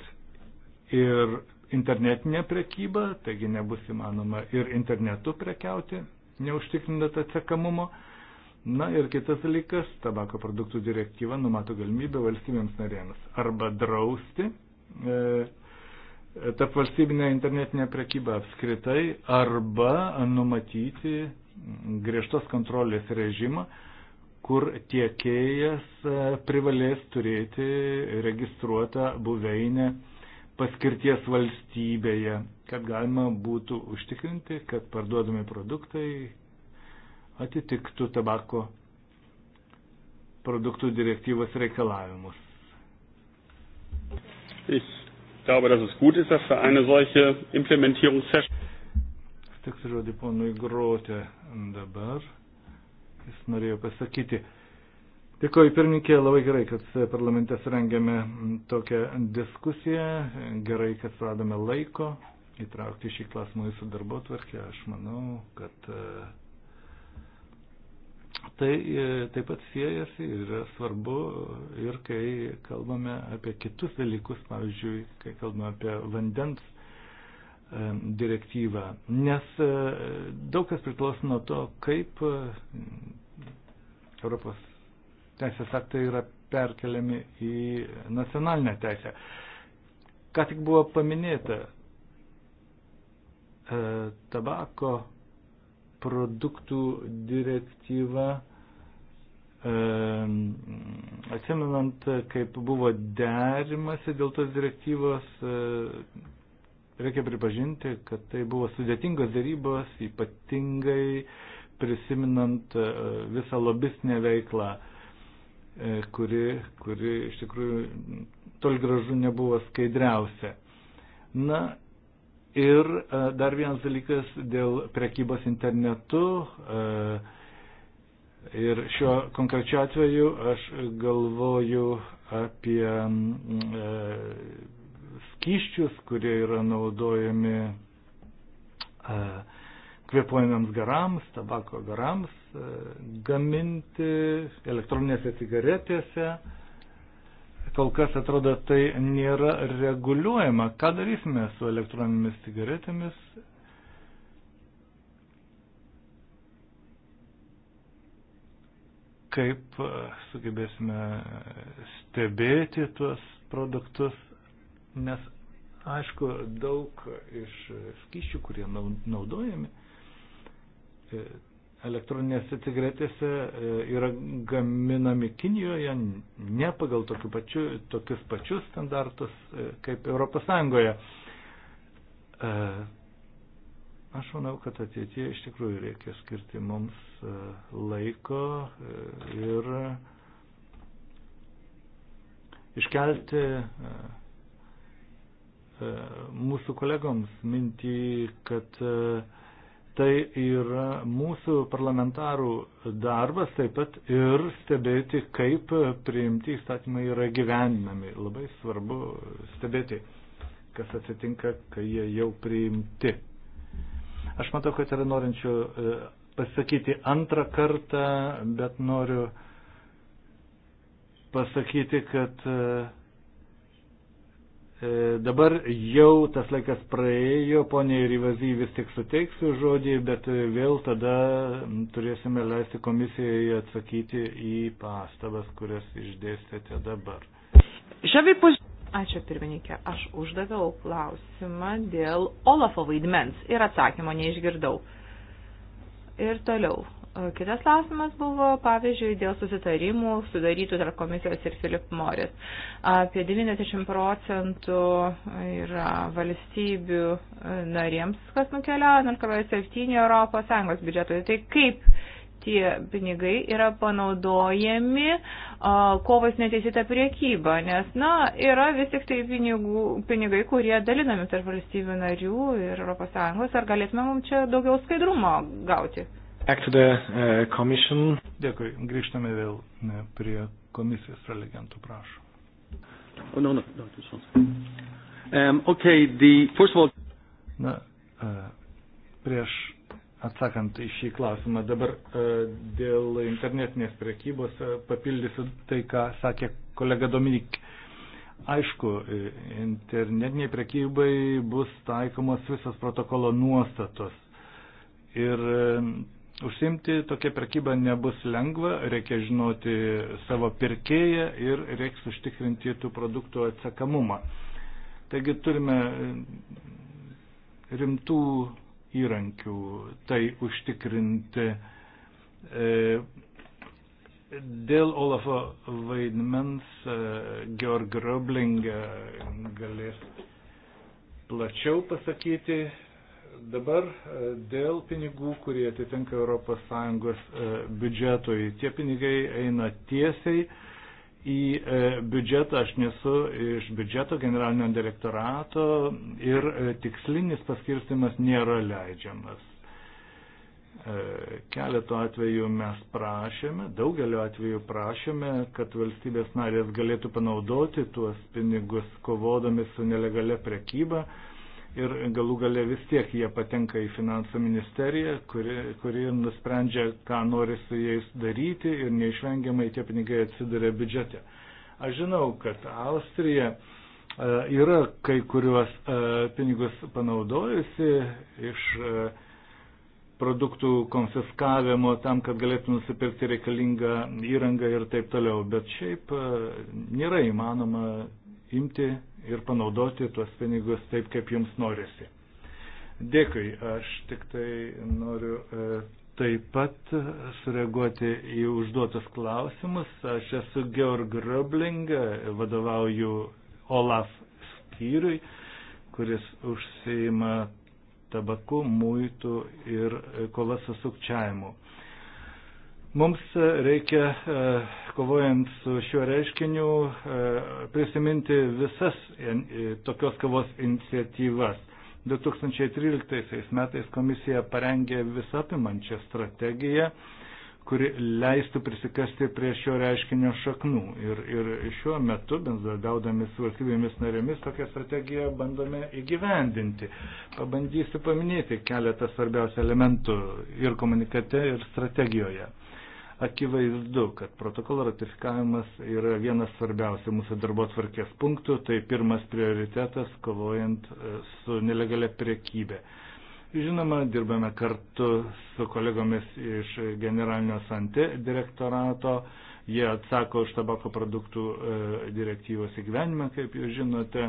S1: ir internetinė prekyba, taigi nebus įmanoma ir internetu prekiauti, neužtikrinant atsekamumo. Na ir kitas dalykas, tabako produktų direktyva numato galimybę valstybėms narėms arba drausti e, tarp valstybinę internetinę prekybą apskritai arba numatyti griežtos kontrolės režimą, kur tiekėjas e, privalės turėti registruotą buveinę paskirties valstybėje, kad galima būtų užtikrinti, kad parduodami produktai atitiktų tabako produktų direktyvos reikalavimus. Ich glaube, dass es gut ist, dass wir eine solche Implementierungssession Tik žodį ponui Grotė dabar. Jis norėjo pasakyti. Dėkoju, pirmininkė, labai gerai, kad parlamente surengėme tokią diskusiją. Gerai, kad suradome laiko įtraukti šį klausimą jūsų darbo tvarkę. Aš manau, kad e, tai e, taip pat siejasi ir yra svarbu ir kai kalbame apie kitus dalykus, pavyzdžiui, kai kalbame apie vandens direktyvą, nes e, daug kas priklauso nuo to, kaip e, Europos teisės aktai yra perkeliami į nacionalinę teisę. Ką tik buvo paminėta, e, tabako produktų direktyva, atsimenant, kaip buvo derimasi dėl tos direktyvos, Reikia pripažinti, kad tai buvo sudėtingos dėrybos, ypatingai prisiminant e, visą lobistinę veiklą, e, kuri, kuri iš tikrųjų tol gražu nebuvo skaidriausia. Na ir e, dar vienas dalykas dėl prekybos internetu. Ir šiuo konkrečiu atveju aš galvoju apie kiščius, kurie yra naudojami e, kvepuojamiams garams, tabako garams e, gaminti elektroninėse cigaretėse. Kol kas atrodo, tai nėra reguliuojama. Ką darysime su elektroninėmis cigaretėmis? Kaip e, sugebėsime stebėti tuos produktus? Nes, aišku, daug iš skyščių, kurie naudojami e, elektroninėse cigaretėse, e, yra gaminami Kinijoje ne pagal tokiu pačiu, tokius pačius standartus e, kaip Europos Sąjungoje. Aš manau, kad ateitie iš tikrųjų reikia skirti mums laiko ir iškelti E, mūsų kolegoms mintį, kad e, tai yra mūsų parlamentarų darbas taip pat ir stebėti, kaip priimti įstatymai yra gyveninami. Labai svarbu stebėti, kas atsitinka, kai jie jau priimti. Aš matau, kad yra norinčių e, pasakyti antrą kartą, bet noriu pasakyti, kad uh, E, dabar jau tas laikas praėjo, ponė Rivazy vis tik suteiksiu žodį, bet vėl tada turėsime leisti komisijai atsakyti į pastabas, kurias išdėstėte dabar.
S3: Ačiū pirmininkė, aš uždaviau klausimą dėl Olafo vaidmens ir atsakymo neišgirdau. Ir toliau Kitas klausimas buvo, pavyzdžiui, dėl susitarimų sudarytų tarp komisijos ir Philip Morris. Apie 90 procentų yra valstybių e, narėms, kas nukeliauja, 0,7 Europos Sąjungos biudžetoje. Tai kaip tie pinigai yra panaudojami kovas neteisėta priekyba, nes, na, yra vis tik tai pinigų, pinigai, kurie dalinami tarp valstybių narių ir ES, ar galėtume mums čia daugiau skaidrumo gauti?
S1: Back to the uh, commission. Dėkui. Grįžtame vėl ne, prie komisijos prelegentų, prašau. Oh, no, no, no, um, okay, the, first of all... Na, uh, prieš atsakant į šį klausimą, dabar uh, dėl internetinės priekybos uh, papildysiu tai, ką sakė kolega Dominik. Aišku, internetiniai priekybai bus taikomos visos protokolo nuostatos ir um, Užsimti tokia prekyba nebus lengva, reikia žinoti savo pirkėją ir reiks užtikrinti tų produktų atsakamumą. Taigi turime rimtų įrankių tai užtikrinti. E, dėl Olafo vaidmens e, Georg Röbling e, galės plačiau pasakyti, Dabar e, dėl pinigų, kurie atitinka ES e, biudžetui. Tie pinigai eina tiesiai į e, biudžetą, aš nesu iš biudžeto generalinio direktorato ir tikslinis paskirstimas nėra leidžiamas. Keletų atvejų mes prašėme, daugeliu atveju prašėme, kad valstybės narės galėtų panaudoti tuos pinigus kovodami su nelegale prekyba ir galų gale vis tiek jie patenka į finansų ministeriją, kuri, kuri nusprendžia, ką nori su jais daryti ir neišvengiamai tie pinigai atsiduria biudžete. Aš žinau, kad Austrija e, yra kai kuriuos e, pinigus panaudojusi iš e, produktų konfiskavimo tam, kad galėtų nusipirkti reikalingą įrangą ir taip toliau. Bet šiaip nėra įmanoma imti ir panaudoti tuos pinigus taip, kaip jums norisi. Dėkui, aš tik tai noriu e, taip pat sureaguoti į užduotus klausimus. Aš esu Georg Röbling, vadovauju OLAF skyriui, kuris užsieima tabaku, muitų ir kova su sukčiavimu. Mums e, reikia, e, kovojant su šiuo reiškiniu, e, prisiminti visas tokios kovos iniciatyvas. 2013 metais komisija parengė visapimančią strategiją, kuri leistų prisikasti prie šio reiškinio šaknų. Ir, ir šiuo metu, bendradaudami su valstybėmis narėmis, tokią strategiją bandome įgyvendinti. Pabandysiu paminėti keletą svarbiausių elementų ir komunikate, ir strategijoje. Akivaizdu, kad protokolo ratifikavimas yra vienas svarbiausių mūsų darbo tvarkės punktų, tai pirmas prioritetas kovojant e, su nelegalia priekybė. Žinoma, dirbame kartu su kolegomis iš generalinio Sante direktorato. Jie atsako už tabako produktų e, direktyvos įgyvenimą, kaip jūs žinote.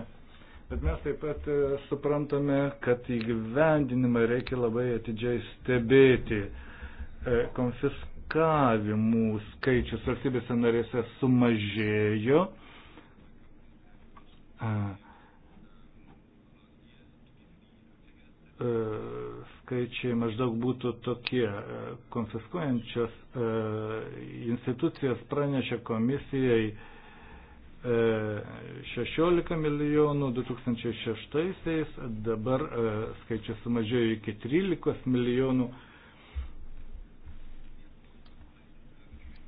S1: Bet mes taip pat e, suprantame, kad įgyvendinimą reikia labai atidžiai stebėti konfiskuoti konfiskavimų skaičius valstybėse narėse sumažėjo. Skaičiai maždaug būtų tokie. Konfiskuojančios institucijos pranešė komisijai 16 milijonų 2006, dabar skaičius sumažėjo iki 13 milijonų 2007.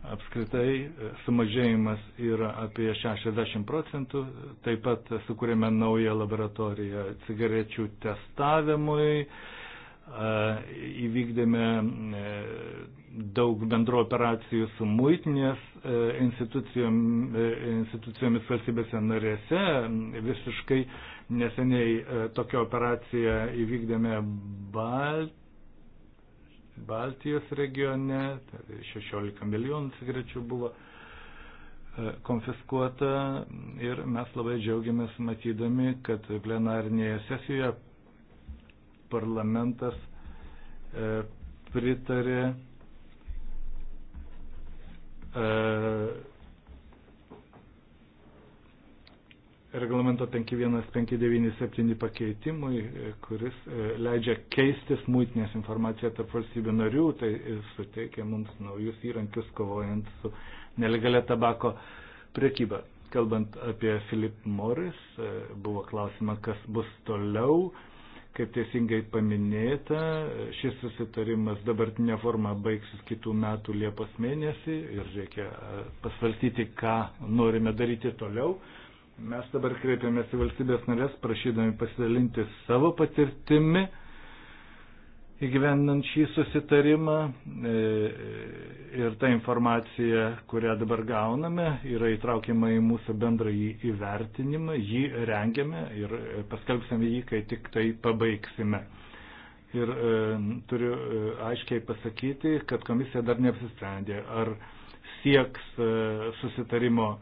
S1: Apskritai e, sumažėjimas yra apie 60 procentų. Taip pat sukūrėme naują laboratoriją cigarečių testavimui. E, įvykdėme e, daug bendro operacijų su muitinės institucijomis valstybėse narėse. Visiškai neseniai tokią operaciją įvykdėme Balt Baltijos regione, tai 16 milijonų cigarečių buvo e, konfiskuota ir mes labai džiaugiamės matydami, kad plenarinėje sesijoje parlamentas e, pritarė e, reglamento 51597 pakeitimui, e, kuris e, leidžia keistis mūtinės informaciją tarp valstybių narių, tai suteikia mums naujus įrankius kovojant su nelegalia tabako priekyba. Kalbant apie Philip Morris, e, buvo klausima, kas bus toliau. Kaip teisingai paminėta, šis susitarimas dabartinė forma baigsis kitų metų Liepos mėnesį ir reikia pasvalstyti, ką norime daryti toliau. Mes dabar kreipiamės į valstybės narės, prašydami pasidalinti savo patirtimi įgyvendant šį susitarimą e, ir ta informacija, kurią dabar gauname, yra įtraukiama į mūsų bendrąjį įvertinimą, jį rengiame ir paskelbsime jį, kai tik tai pabaigsime. Ir e, turiu e, aiškiai pasakyti, kad komisija dar neapsisprendė, ar sieks e, susitarimo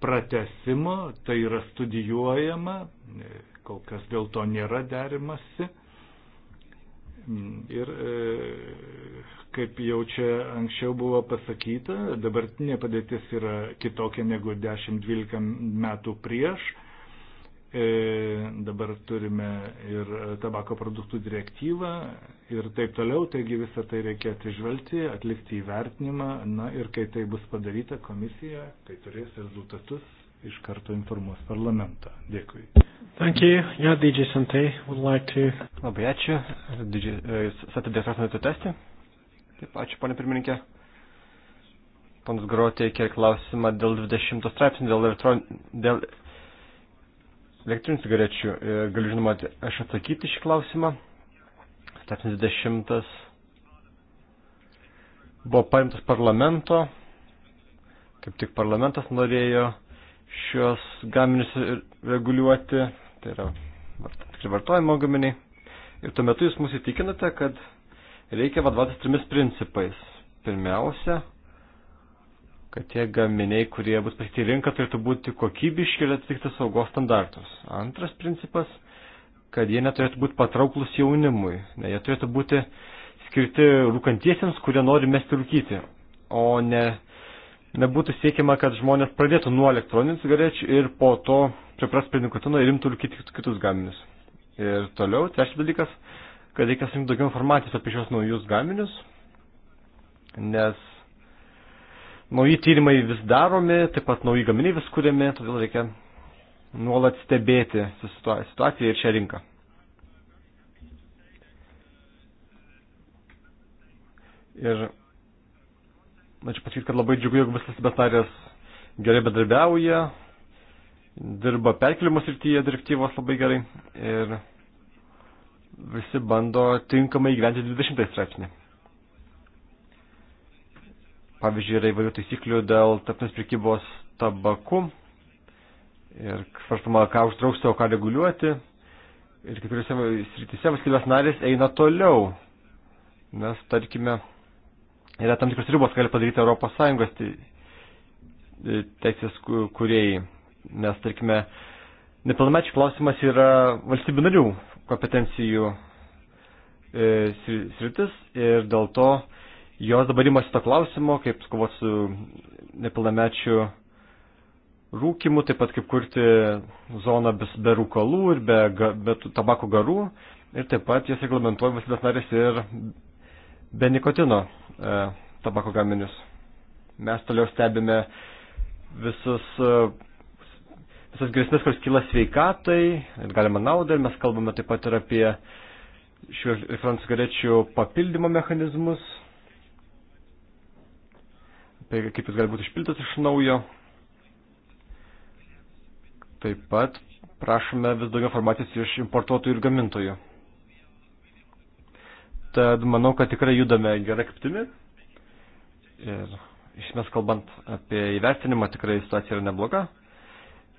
S1: pratesimo, tai yra studijuojama, kol kas dėl to nėra derimasi. Ir e, kaip jau čia anksčiau buvo pasakyta, dabartinė padėtis yra kitokia negu 10-12 metų prieš. E, dabar turime ir tabako produktų direktyvą, ir taip toliau, taigi visą tai reikia atsižvelgti, atlikti įvertinimą, na ir kai tai bus padaryta komisija, kai turės rezultatus, iš karto informuos parlamentą. Dėkui.
S2: Thank you. Yeah, DJ Santai would like to. Labai ačiū. DJ, uh, e, Satadės esate testi? Taip, ačiū, ponė pirmininkė. Panas Grotė kėlė klausimą dėl 20 straipsnių, dėl, elektron... dėl elektroninių cigarečių. E, galiu žinoma, aš atsakyti šį klausimą. 120 buvo paimtas parlamento, kaip tik parlamentas norėjo šios gaminius reguliuoti, tai yra tikri vartojimo gaminiai. Ir tuo metu jūs mus įtikinate, kad reikia vadovautis trimis principais. Pirmiausia, kad tie gaminiai, kurie bus pasikti rinką, turėtų būti kokybiški ir atitikti saugos standartus. Antras principas – kad jie neturėtų būti patrauklus jaunimui, ne, jie turėtų būti skirti rūkantiesiems, kurie nori mesti rūkyti, o ne, nebūtų siekiama, kad žmonės pradėtų nuo elektroninių cigarečių ir po to pripras prie nikotino ir imtų rūkyti kitus gaminius. Ir toliau, trečias dalykas, kad reikia surinkti daugiau informacijos apie šios naujus gaminius, nes nauji tyrimai vis daromi, taip pat nauji gaminiai vis kuriami, todėl reikia nuolat stebėti situaciją ir šią rinką. Ir norėčiau pasakyti, kad labai džiugu, jog visas betarės gerai bedarbiauja, dirba perkelimo srityje direktyvos labai gerai ir visi bando tinkamai gyventi 20 straipsnį. Pavyzdžiui, yra įvairių taisyklių dėl tarptautinės prekybos tabaku ir svarstama, ką uždrausti, o ką reguliuoti. Ir kai kuriuose srityse valstybės narės eina toliau, nes, tarkime, yra tam tikros ribos, gali padaryti Europos Sąjungos e, teisės kuriejai, nes, tarkime, nepilnamečių klausimas yra valstybių narių kompetencijų e, sritis ir dėl to jos dabar imasi to klausimo, kaip kovoti su nepilnamečių rūkimu, taip pat kaip kurti zoną be, be rūkalų ir be, be tabako garų. Ir taip pat jas reglamentuoja valstybės narės ir be nikotino e, tabako gaminius. Mes toliau stebime visus, e, visas grėsmės, kurios kyla sveikatai ir galima naudą. Ir mes kalbame taip pat ir apie šių elektroninių cigarečių papildymo mechanizmus, apie kaip jis gali būti išpiltas iš naujo. Taip pat prašome vis daugiau informacijos iš importuotojų ir gamintojų. Tad manau, kad tikrai judame gerą kryptimį. Ir iš mes kalbant apie įvertinimą, tikrai situacija yra nebloga.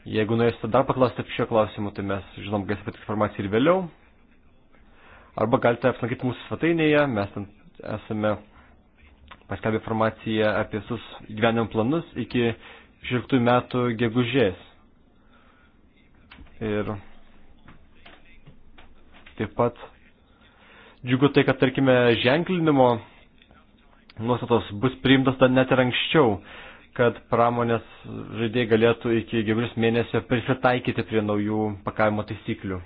S2: Jeigu norėsite dar paklausti apie šio klausimu, tai mes žinom, galėsite patikti informaciją ir vėliau. Arba galite apsilankyti mūsų svetainėje, mes ten esame paskelbę informaciją apie visus gyvenimo planus iki 16 metų gegužės. Ir taip pat džiugu tai, kad tarkime ženklinimo nuostatos bus priimtas dar net ir anksčiau, kad pramonės žaidėjai galėtų iki gegužės mėnesio prisitaikyti prie naujų pakavimo taisyklių.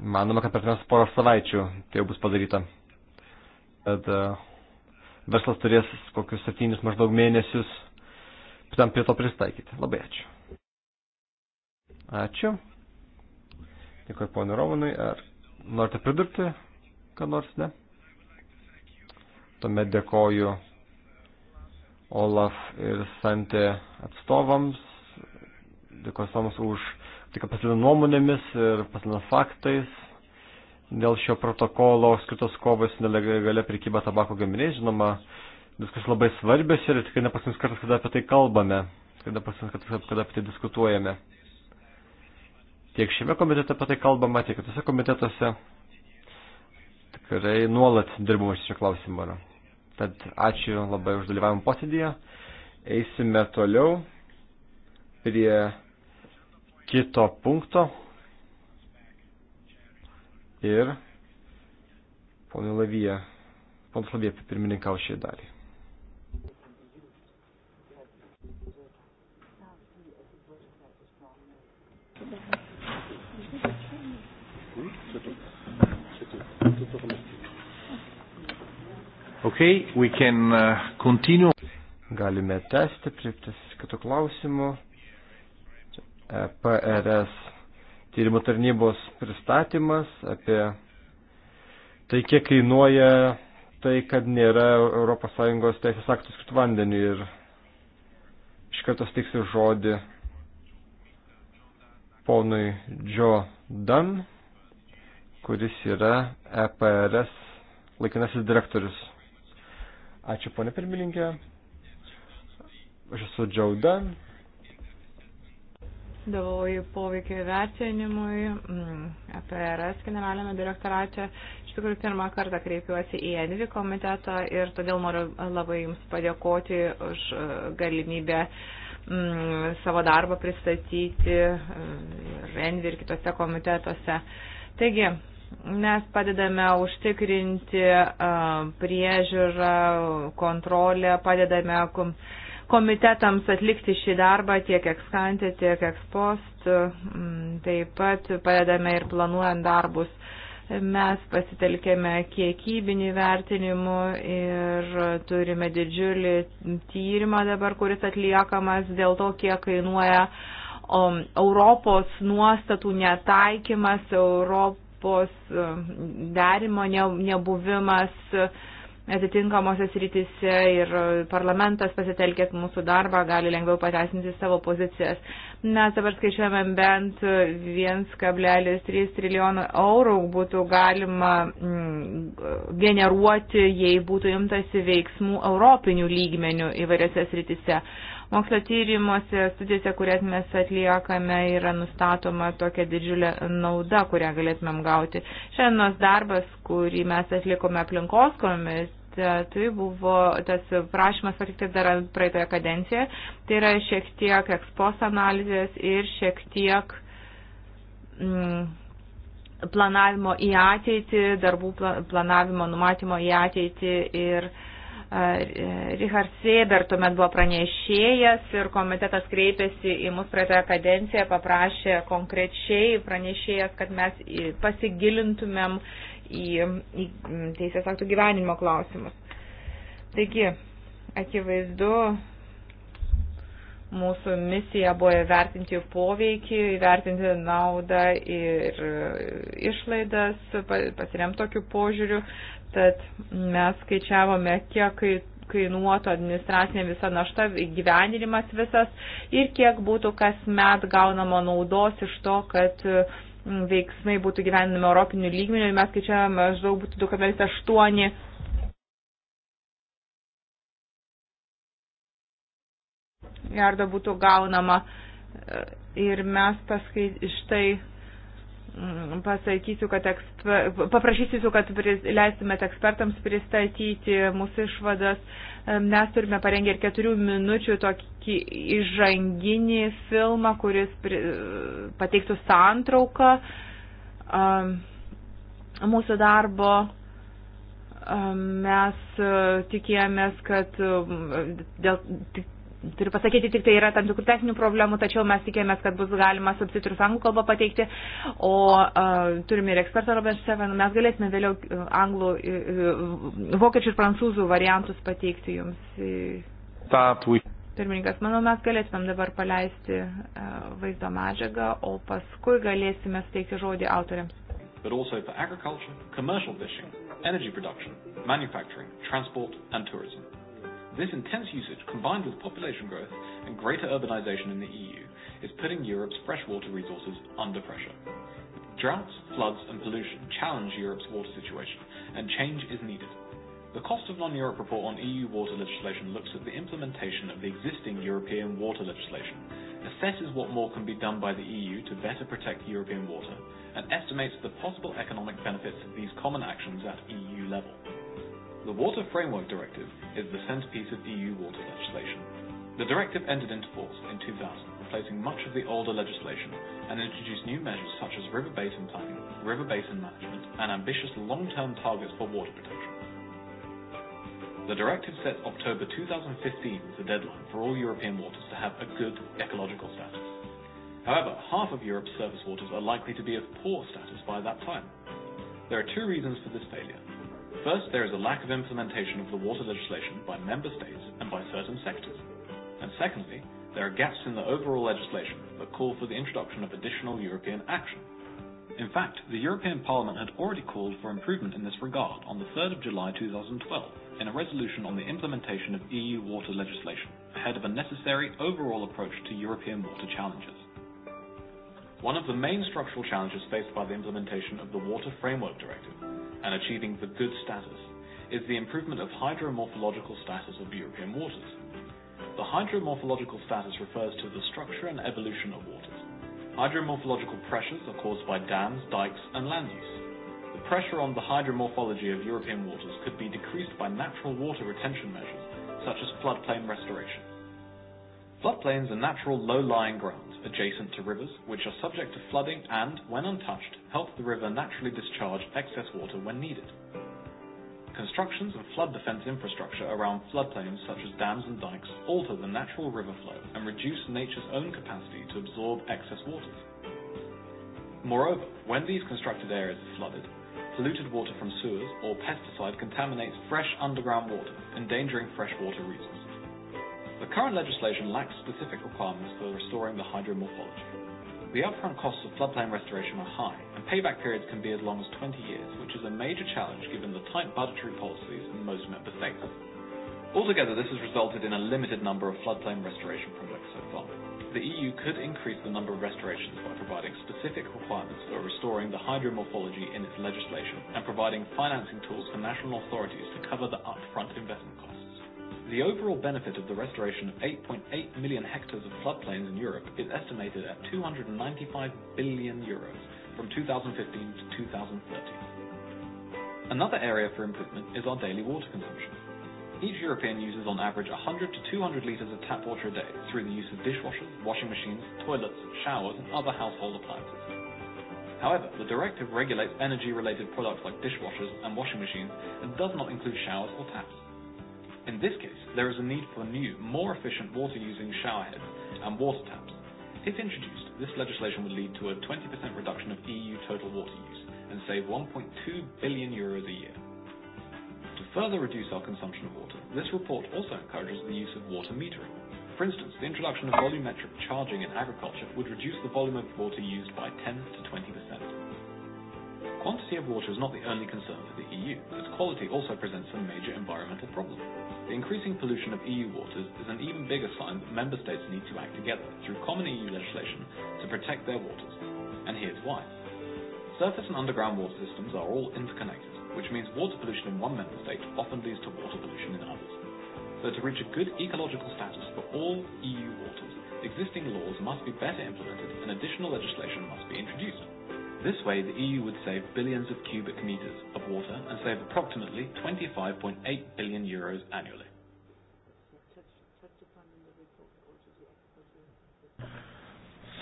S2: Manoma, kad per tenas porą savaičių tai jau bus padaryta. Kad e, verslas turės kokius septynis maždaug mėnesius tam prie to pristaikyti. Labai ačiū. Ačiū. Dėkui ponui Romanui. Ar norite pridurti, ką nors ne? Tuomet dėkoju Olaf ir Santė atstovams. Dėkoju Somas už tai, kad pasidalino nuomonėmis ir pasidalino faktais. Dėl šio protokolo skirtos kovos nelegalia prekyba tabako gaminiais, žinoma, viskas labai svarbios ir tikrai nepasims kartas, kada apie tai kalbame, kada pasims kartas, kada apie tai diskutuojame. Tiek šiame komitete apie tai kalbama, tiek kitose komitetuose. Tikrai nuolat dirbama šio klausimo yra. Tad ačiū labai už dalyvavimą posėdėje. Eisime toliau prie kito punkto. Ir ponai Lavija, ponas Lavija pirmininkau šiai daliai. C'est tout. C'est tout. Tutto come Okay, we can uh, continue. Galime tęsti, prieptis kitų klausimų. E PRS tyrimų tarnybos pristatymas apie tai, kiek kainuoja tai, kad nėra ES teisės aktų skirtų vandeniu ir iš karto stiksiu žodį ponui Joe Dunn kuris yra EPRS laikinasis direktorius. Ačiū, ponė pirmininkė. Aš esu Džiauda.
S3: Davoju poveikio įvertinimui mm, EPRS generalinėme direktorate. Iš tikrųjų, pirmą kartą kreipiuosi į ENVI komitetą ir todėl noriu labai Jums padėkoti už e, galimybę mm, savo darbą pristatyti Renvi ir kitose komitetuose. Taigi, Mes padedame užtikrinti priežiūrą, kontrolę, padedame komitetams atlikti šį darbą tiek ekskantė, tiek ekspost, taip pat padedame ir planuojant darbus. Mes pasitelkėme kiekybinį vertinimų ir turime didžiulį tyrimą dabar, kuris atliekamas dėl to, kiek kainuoja Europos nuostatų netaikymas, Europos Europos e, derimo nebuvimas atitinkamosios rytise ir parlamentas pasitelkęs mūsų darbą gali lengviau pateisinti savo pozicijas. Mes dabar skaičiuojame bent 1,3 trilijonų eurų būtų galima mm, generuoti, jei būtų imtasi veiksmų europinių lygmenių įvairiose sritise. Mokslo tyrimuose, studijose, kurias mes atliekame, yra nustatoma tokia didžiulė nauda, kurią galėtumėm gauti. Šiandienos darbas, kurį mes atlikome aplinkos komis, tai buvo tas prašymas patikti dar praeitoje kadencijoje. Tai yra šiek tiek ekspos analizės ir šiek tiek mm, planavimo į ateitį, darbų planavimo numatymo į ateitį ir uh, Richard Seber tuomet buvo pranešėjas ir komitetas kreipėsi į mus praeitoje kadencijoje, paprašė konkrečiai pranešėjas, kad mes pasigilintumėm į, į teisės aktų gyvenimo klausimus. Taigi, akivaizdu, Mūsų misija buvo įvertinti poveikį, įvertinti naudą ir e, išlaidas, pasirem tokiu požiūriu, tad mes skaičiavome, kiek kainuotų administracinė visa našta, gyvenimas visas ir kiek būtų kasmet gaunama naudos iš to, kad e, veiksmai būtų gyvenami Europinių lygmenių ir mes skaičiavome maždaug būtų 2,8 milijardo būtų gaunama. E, ir mes paskui štai mm, pasakysiu, kad eksper... paprašysiu, kad leistumėt ekspertams pristatyti mūsų išvadas. E, mes turime parengę ir keturių minučių tokį įžanginį filmą, kuris pateiktų santrauką e, mūsų darbo. Mes tikėjomės, kad dėl turiu pasakyti, tik tai yra tam tikrų techninių problemų, tačiau mes tikėjomės, kad bus galima subtitrus anglų kalbą pateikti, o a, turime ir ekspertą Robert Steven, mes galėsime vėliau anglų, vokiečių ir prancūzų variantus pateikti jums. Tatui. Pirmininkas, manau, mes galėtumėm dabar paleisti vaizdo medžiagą, o paskui galėsime suteikti žodį autoriams.
S4: But also for agriculture, commercial fishing, energy production, manufacturing, transport and tourism. This intense usage, combined with population growth and greater urbanization in the EU, is putting Europe's freshwater resources under pressure. Droughts, floods, and pollution challenge Europe's water situation, and change is needed. The Cost of Non-Europe report on EU water legislation looks at the implementation of the existing European water legislation, assesses what more can be done by the EU to better protect European water, and estimates the possible economic benefits of these common actions at EU level. The Water Framework Directive is the centerpiece of EU water legislation. The directive entered into force in 2000, replacing much of the older legislation, and introduced new measures such as river basin planning, river basin management, and ambitious long-term targets for water protection. The directive sets October 2015 as the deadline for all European waters to have a good ecological status. However, half of Europe's surface waters are likely to be of poor status by that time. There are two reasons for this failure. First, there is a lack of implementation of the water legislation by member states and by certain sectors. And secondly, there are gaps in the overall legislation that call for the introduction of additional European action. In fact, the European Parliament had already called for improvement in this regard on the 3rd of July 2012 in a resolution on the implementation of EU water legislation ahead of a necessary overall approach to European water challenges. One of the main structural challenges faced by the implementation of the Water Framework Directive and achieving the good status is the improvement of hydromorphological status of European waters. The hydromorphological status refers to the structure and evolution of waters. Hydromorphological pressures are caused by dams, dikes, and land use. The pressure on the hydromorphology of European waters could be decreased by natural water retention measures, such as floodplain restoration. Floodplains are natural low-lying grounds adjacent to rivers, which are subject to flooding and, when untouched, help the river naturally discharge excess water when needed. Constructions of flood defense infrastructure around floodplains such as dams and dikes alter the natural river flow and reduce nature's own capacity to absorb excess waters. Moreover, when these constructed areas are flooded, polluted water from sewers or pesticide contaminates fresh underground water, endangering freshwater resources. The current legislation lacks specific requirements for restoring the hydromorphology. The upfront costs of floodplain restoration are high, and payback periods can be as long as 20 years, which is a major challenge given the tight budgetary policies in most member states. Altogether, this has resulted in a limited number of floodplain restoration projects so far. The EU could increase the number of restorations by providing specific requirements for restoring the hydromorphology in its legislation and providing financing tools for national authorities to cover the upfront investment costs. The overall benefit of the restoration of 8.8 million hectares of floodplains in Europe is estimated at 295 billion euros from 2015 to 2030. Another area for improvement is our daily water consumption. Each European uses on average 100 to 200 litres of tap water a day through the use of dishwashers, washing machines, toilets, showers and other household appliances. However, the directive regulates energy related products like dishwashers and washing machines and does not include showers or taps. In this case, there is a need for new, more efficient water-using showerheads and water taps. If introduced, this legislation would lead to a 20% reduction of EU total water use and save 1.2 billion euros a year. To further reduce our consumption of water, this report also encourages the use of water metering. For instance, the introduction of volumetric charging in agriculture would reduce the volume of water used by 10 to 20%. Quantity of water is not the only concern for the EU, as quality also presents a major environmental problem. The increasing pollution of EU waters is an even bigger sign that member states need to act together through common EU legislation to protect their waters. And here's why. Surface and underground water systems are all interconnected, which means water pollution in one member state often leads to water pollution in others. So to reach a good ecological status for all EU waters, existing laws must be better implemented and additional legislation must be introduced. This way, the EU would save billions of cubic meters of water and save approximately 25.8 billion euros annually.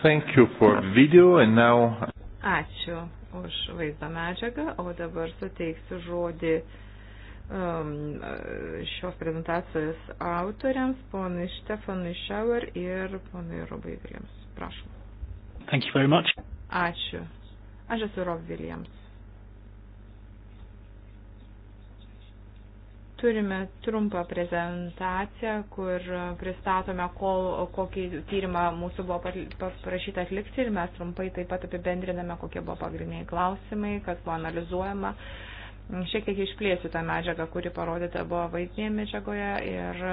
S1: Thank you for video and now.
S3: Ačiū už vaizdo medžiagą, o dabar suteiksiu žodį um, šios prezentacijos autoriams, ponui Štefanui Šauer ir ponui Robai Viljams. Prašom.
S4: Thank you very much.
S3: Ačiū Aš esu Rob Williams. Turime trumpą prezentaciją, kur pristatome, kol, kokį tyrimą mūsų buvo paprašyta atlikti ir mes trumpai taip pat apibendriname, kokie buvo pagrindiniai klausimai, kas buvo analizuojama. Šiek tiek išplėsiu tą medžiagą, kuri parodyta buvo vaizdinėje medžiagoje ir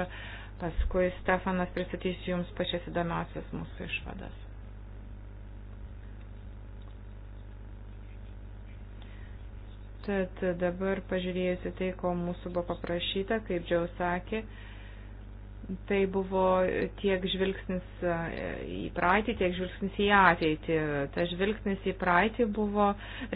S3: paskui Stefanas pristatys jums pačias įdomiausias mūsų išvadas. Tad dabar pažiūrėjusi tai, ko mūsų buvo paprašyta, kaip Džiau sakė, tai buvo tiek žvilgsnis e, į praeitį, tiek žvilgsnis į ateitį. Ta žvilgsnis į praeitį buvo,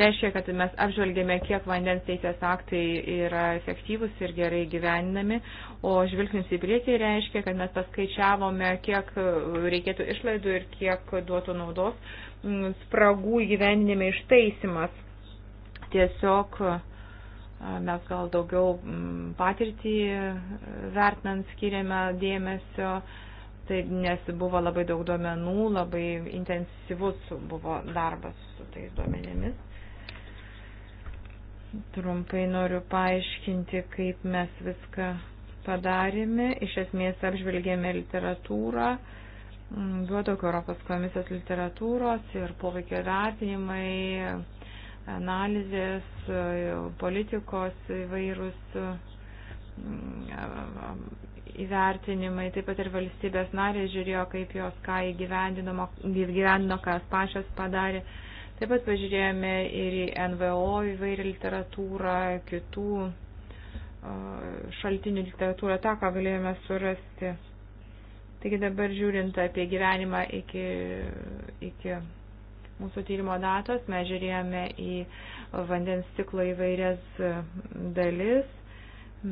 S3: reiškia, kad mes apžvelgėme, kiek vandens teisės aktai yra efektyvus ir gerai gyveninami, o žvilgsnis į priekį reiškia, kad mes paskaičiavome, kiek reikėtų išlaidų ir kiek duotų naudos mm, spragų įgyvendinime ištaisimas Tiesiog mes gal daugiau patirtį e, vertinant skiriame dėmesio, tai nes buvo labai daug duomenų, labai intensyvus buvo darbas su tais duomenimis. Trumpai noriu paaiškinti, kaip mes viską padarėme. Iš esmės apžvelgėme literatūrą, buvo daug Europos komisijos literatūros ir poveikio vertinimai analizės, e, politikos įvairūs e, e, įvertinimai, taip pat ir valstybės narės žiūrėjo, kaip jos ką įgyvendino, kas pačios padarė. Taip pat pažiūrėjome ir į NVO įvairią literatūrą, kitų šaltinių literatūrą, tą, ką galėjome surasti. Taigi dabar žiūrint apie gyvenimą iki, iki mūsų tyrimo datos. Mes žiūrėjome į vandens ciklo įvairias dalis.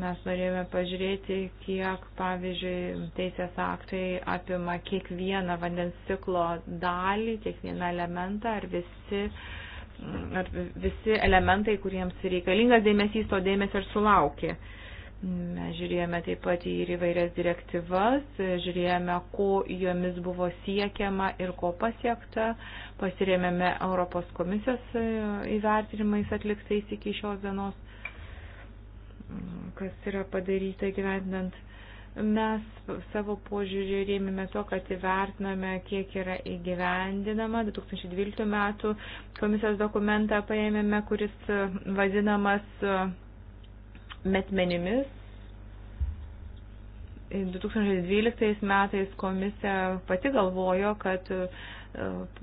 S3: Mes norėjome pažiūrėti, kiek, pavyzdžiui, teisės aktai apima kiekvieną vandens ciklo dalį, kiekvieną elementą ar visi, ar visi elementai, kuriems reikalingas dėmesys, to dėmesio ir sulaukė. Uh, Mes žiūrėjome taip pat ir įvairias direktyvas, žiūrėjome, ko jomis buvo siekiama ir ko pasiekta, pasirėmėme Europos komisijos e, įvertinimais atliktais iki šios dienos, kas yra padaryta gyvendant. Mes savo požiūrį rėmėme to, kad įvertiname, kiek yra įgyvendinama. 2012 metų komisijos dokumentą paėmėme, kuris e, vadinamas e, metmenimis 2012 metais komisija pati galvojo, kad e,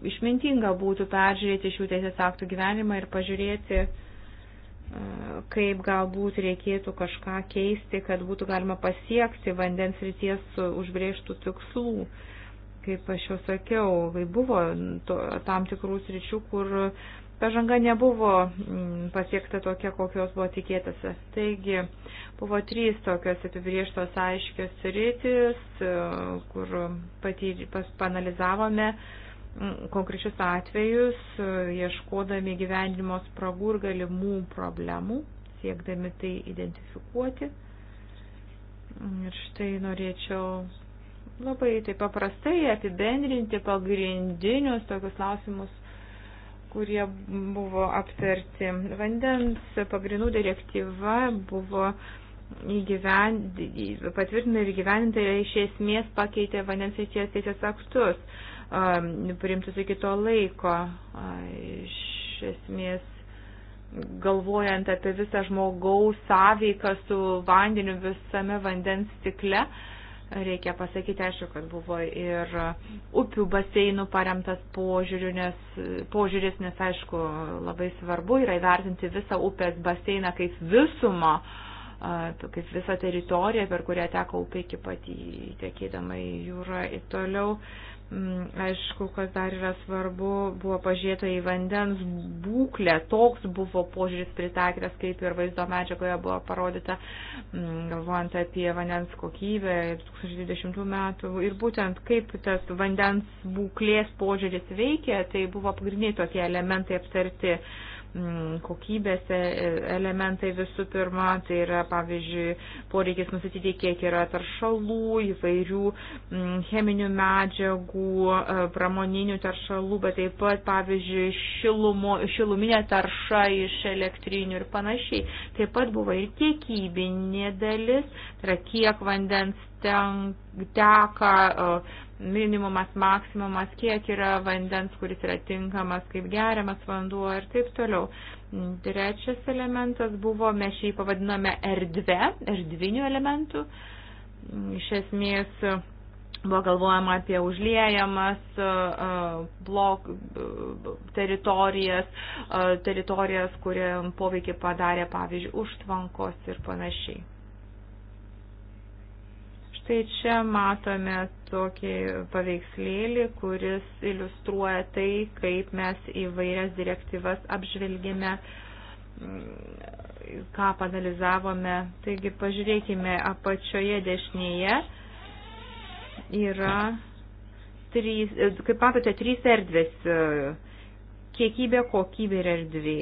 S3: išmintinga būtų peržiūrėti šių teisės aktų gyvenimą ir pažiūrėti, e, kaip galbūt reikėtų kažką keisti, kad būtų galima pasiekti vandens ryties užbrėžtų tikslų. Kaip aš jau sakiau, tai buvo tam tikrų sričių, kur pažanga nebuvo mm, pasiekta tokia, kokios buvo tikėtasi. Taigi buvo trys tokios apibrieštos aiškios rytis, e, kur patyri, pas, panalizavome mm, konkrečius atvejus, e, ieškodami gyvenimo spragų ir galimų problemų, siekdami tai identifikuoti. Ir štai norėčiau labai taip paprastai apibendrinti pagrindinius tokius klausimus, kurie buvo aptarti. Vandens pagrindų direktyva buvo įgyven... patvirtinta ir gyveninta ir iš esmės pakeitė vandens ryties teisės aktus, um, priimtus iki to laiko. Iš esmės galvojant apie visą žmogaus sąveiką su vandeniu visame vandens stikle, uh, Reikia pasakyti, aišku, kad buvo ir upių baseinų paremtas požiūris, nes, požiūris, nes aišku, labai svarbu yra įvertinti visą upės baseiną kaip visumą, kaip visą teritoriją, per kurią teko upė iki pat įtekėdama į jūrą ir toliau. Uh, Mm, aišku, kas dar yra svarbu, buvo pažiūrėta į vandens būklę, toks buvo požiūris pritaikytas, kaip ir vaizdo medžiagoje buvo parodyta, mm, galvojant apie vandens kokybę 2020 metų. Ir būtent kaip tas vandens būklės požiūris veikia, tai buvo pagrindiniai tokie elementai aptarti. Uh, Mm, kokybės e, elementai visų pirma, tai yra, pavyzdžiui, poreikis nusityti, kiek yra taršalų, įvairių mm, cheminių medžiagų, e, pramoninių taršalų, bet taip pat, pavyzdžiui, šilumo, šiluminė tarša iš elektrinių ir panašiai. Taip pat buvo ir kiekybinė dalis, tai yra kiek vandens ten teka e, minimumas, maksimumas, kiek yra vandens, kuris yra tinkamas, kaip geriamas vanduo ir taip toliau. Trečias elementas buvo, mes šį pavadinome erdvė, erdvinių elementų. Iš esmės buvo galvojama apie užliejamas blok teritorijas, teritorijas, kuriam poveikį padarė, pavyzdžiui, užtvankos ir panašiai. Štai čia matome tokį paveikslėlį, kuris iliustruoja tai, kaip mes įvairias direktyvas apžvelgėme, mm, ką panalizavome. Taigi pažiūrėkime apačioje dešinėje yra trys, kaip matote, trys erdvės - kiekybė, kokybė ir erdvė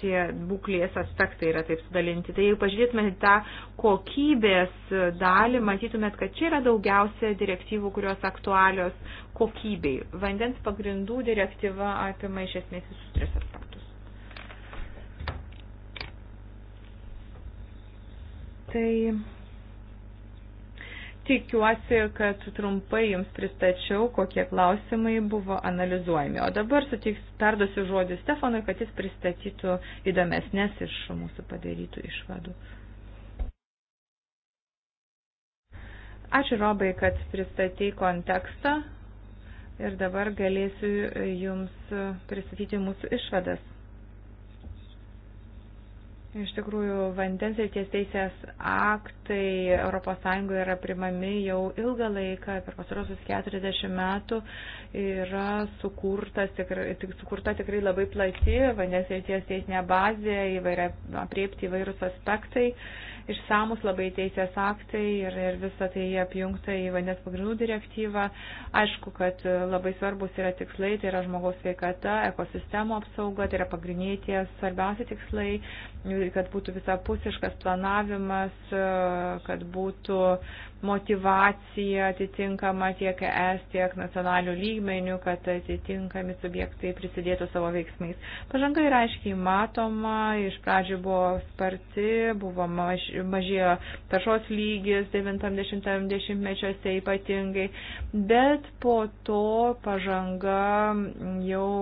S3: tie būklės aspektai yra taip sudalinti. Tai jeigu pažiūrėtumėt tą kokybės dalį, matytumėt, kad čia yra daugiausia direktyvų, kurios aktualios kokybei. Vandens pagrindų direktyva apima iš esmės visus tris aspektus. Tai Tikiuosi, kad trumpai jums pristačiau, kokie klausimai buvo analizuojami. O dabar sutiks, perduosiu žodį Stefanui, kad jis pristatytų įdomesnės iš mūsų padarytų išvadų. Ačiū Robai, kad pristatei kontekstą ir dabar galėsiu Jums pristatyti mūsų išvadas. Iš tikrųjų, vandens ir ties teisės aktai ES yra primami jau ilgą laiką, per pasirosius 40 metų yra sukurta tikrai, tik, sukurta tikrai labai plati vandens ir ties teisinė bazė, įvairia, apriepti įvairūs aspektai išsamus labai teisės aktai ir, ir visą tai apjungta į vandens pagrindų direktyvą. Aišku, kad labai svarbus yra tikslai, tai yra žmogaus sveikata, ekosistemo apsauga, tai yra pagrindiniai tie svarbiausi tikslai, kad būtų visapusiškas planavimas, kad būtų motivacija atitinkama tiek ES, tiek nacionalių lygmenių, kad atitinkami subjektai prisidėtų savo veiksmais. Pažanga yra aiškiai matoma, iš pradžių buvo sparti, buvo maž, mažėjo taršos lygis 90-mečiuose ypatingai, bet po to pažanga jau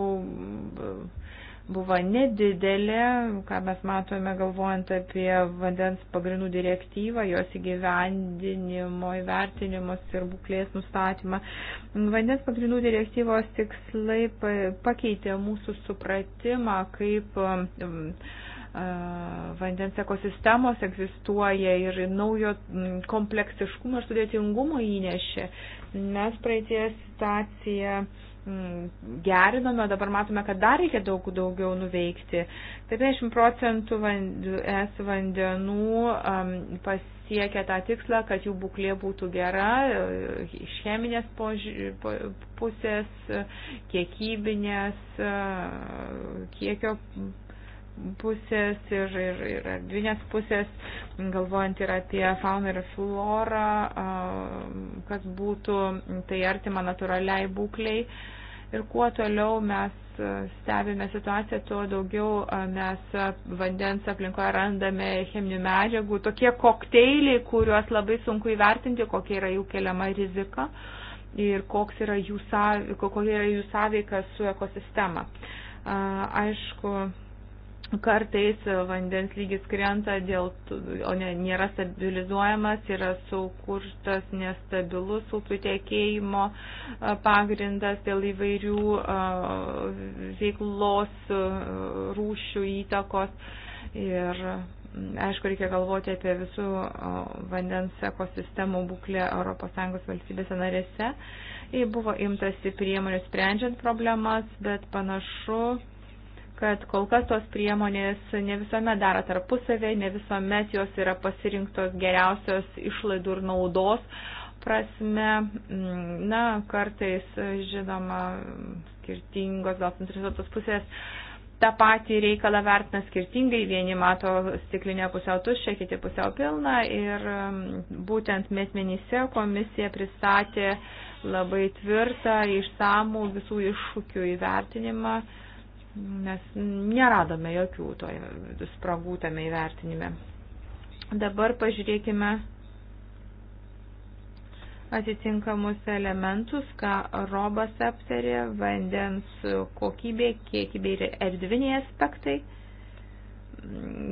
S3: buvo nedidelė, ką mes matome galvojant apie vandens pagrindų direktyvą, jos įgyvendinimo įvertinimus ir būklės nustatymą. Vandens pagrindų direktyvos tikslai pakeitė mūsų supratimą, kaip um, um, vandens ekosistemos egzistuoja ir naujo kompleksiškumo ir sudėtingumo įnešė. Mes praeitie situaciją Mm, gerinome, dabar matome, kad dar reikia daug daugiau nuveikti. 30 procentų es vandenų um, pasiekia tą tikslą, kad jų būklė būtų gera, e, iš cheminės pusės, kiekybinės, e, kiekio pusės ir, ir, ir erdvinės pusės, galvojant ir apie fauną ir florą, kas būtų tai artima natūraliai būkliai. Ir kuo toliau mes stebime situaciją, tuo daugiau mes vandens aplinkoje randame cheminių medžiagų, tokie kokteiliai, kuriuos labai sunku įvertinti, kokia yra jų keliama rizika ir koks yra jų, kokia yra jų sąveika su ekosistema. Aišku, Kartais e, vandens lygis krenta, dėl, o ne, nėra stabilizuojamas, yra sukurtas nestabilus upių tiekėjimo e, pagrindas dėl įvairių e, veiklos rūšių įtakos. Ir aišku, reikia galvoti apie visų vandens ekosistemų būklę ES valstybėse narėse. Jei buvo imtasi priemonių sprendžiant problemas, bet panašu, kad kol kas tos priemonės ne visuomet daro tarpusavę, ne visuomet jos yra pasirinktos geriausios išlaidų ir naudos prasme. Mm, na, kartais, žinoma, skirtingos gal suinteresuotos pusės tą patį reikalą vertina skirtingai, vieni mato stiklinę pusiau tuščią, kiti pusiau pilną ir mm, būtent metmenyse komisija pristatė labai tvirtą, išsamų visų iššūkių įvertinimą nes neradome jokių to spragų tame įvertinime. Dabar pažiūrėkime atitinkamus elementus, ką robas aptarė, vandens kokybė, kiekybė ir erdviniai aspektai,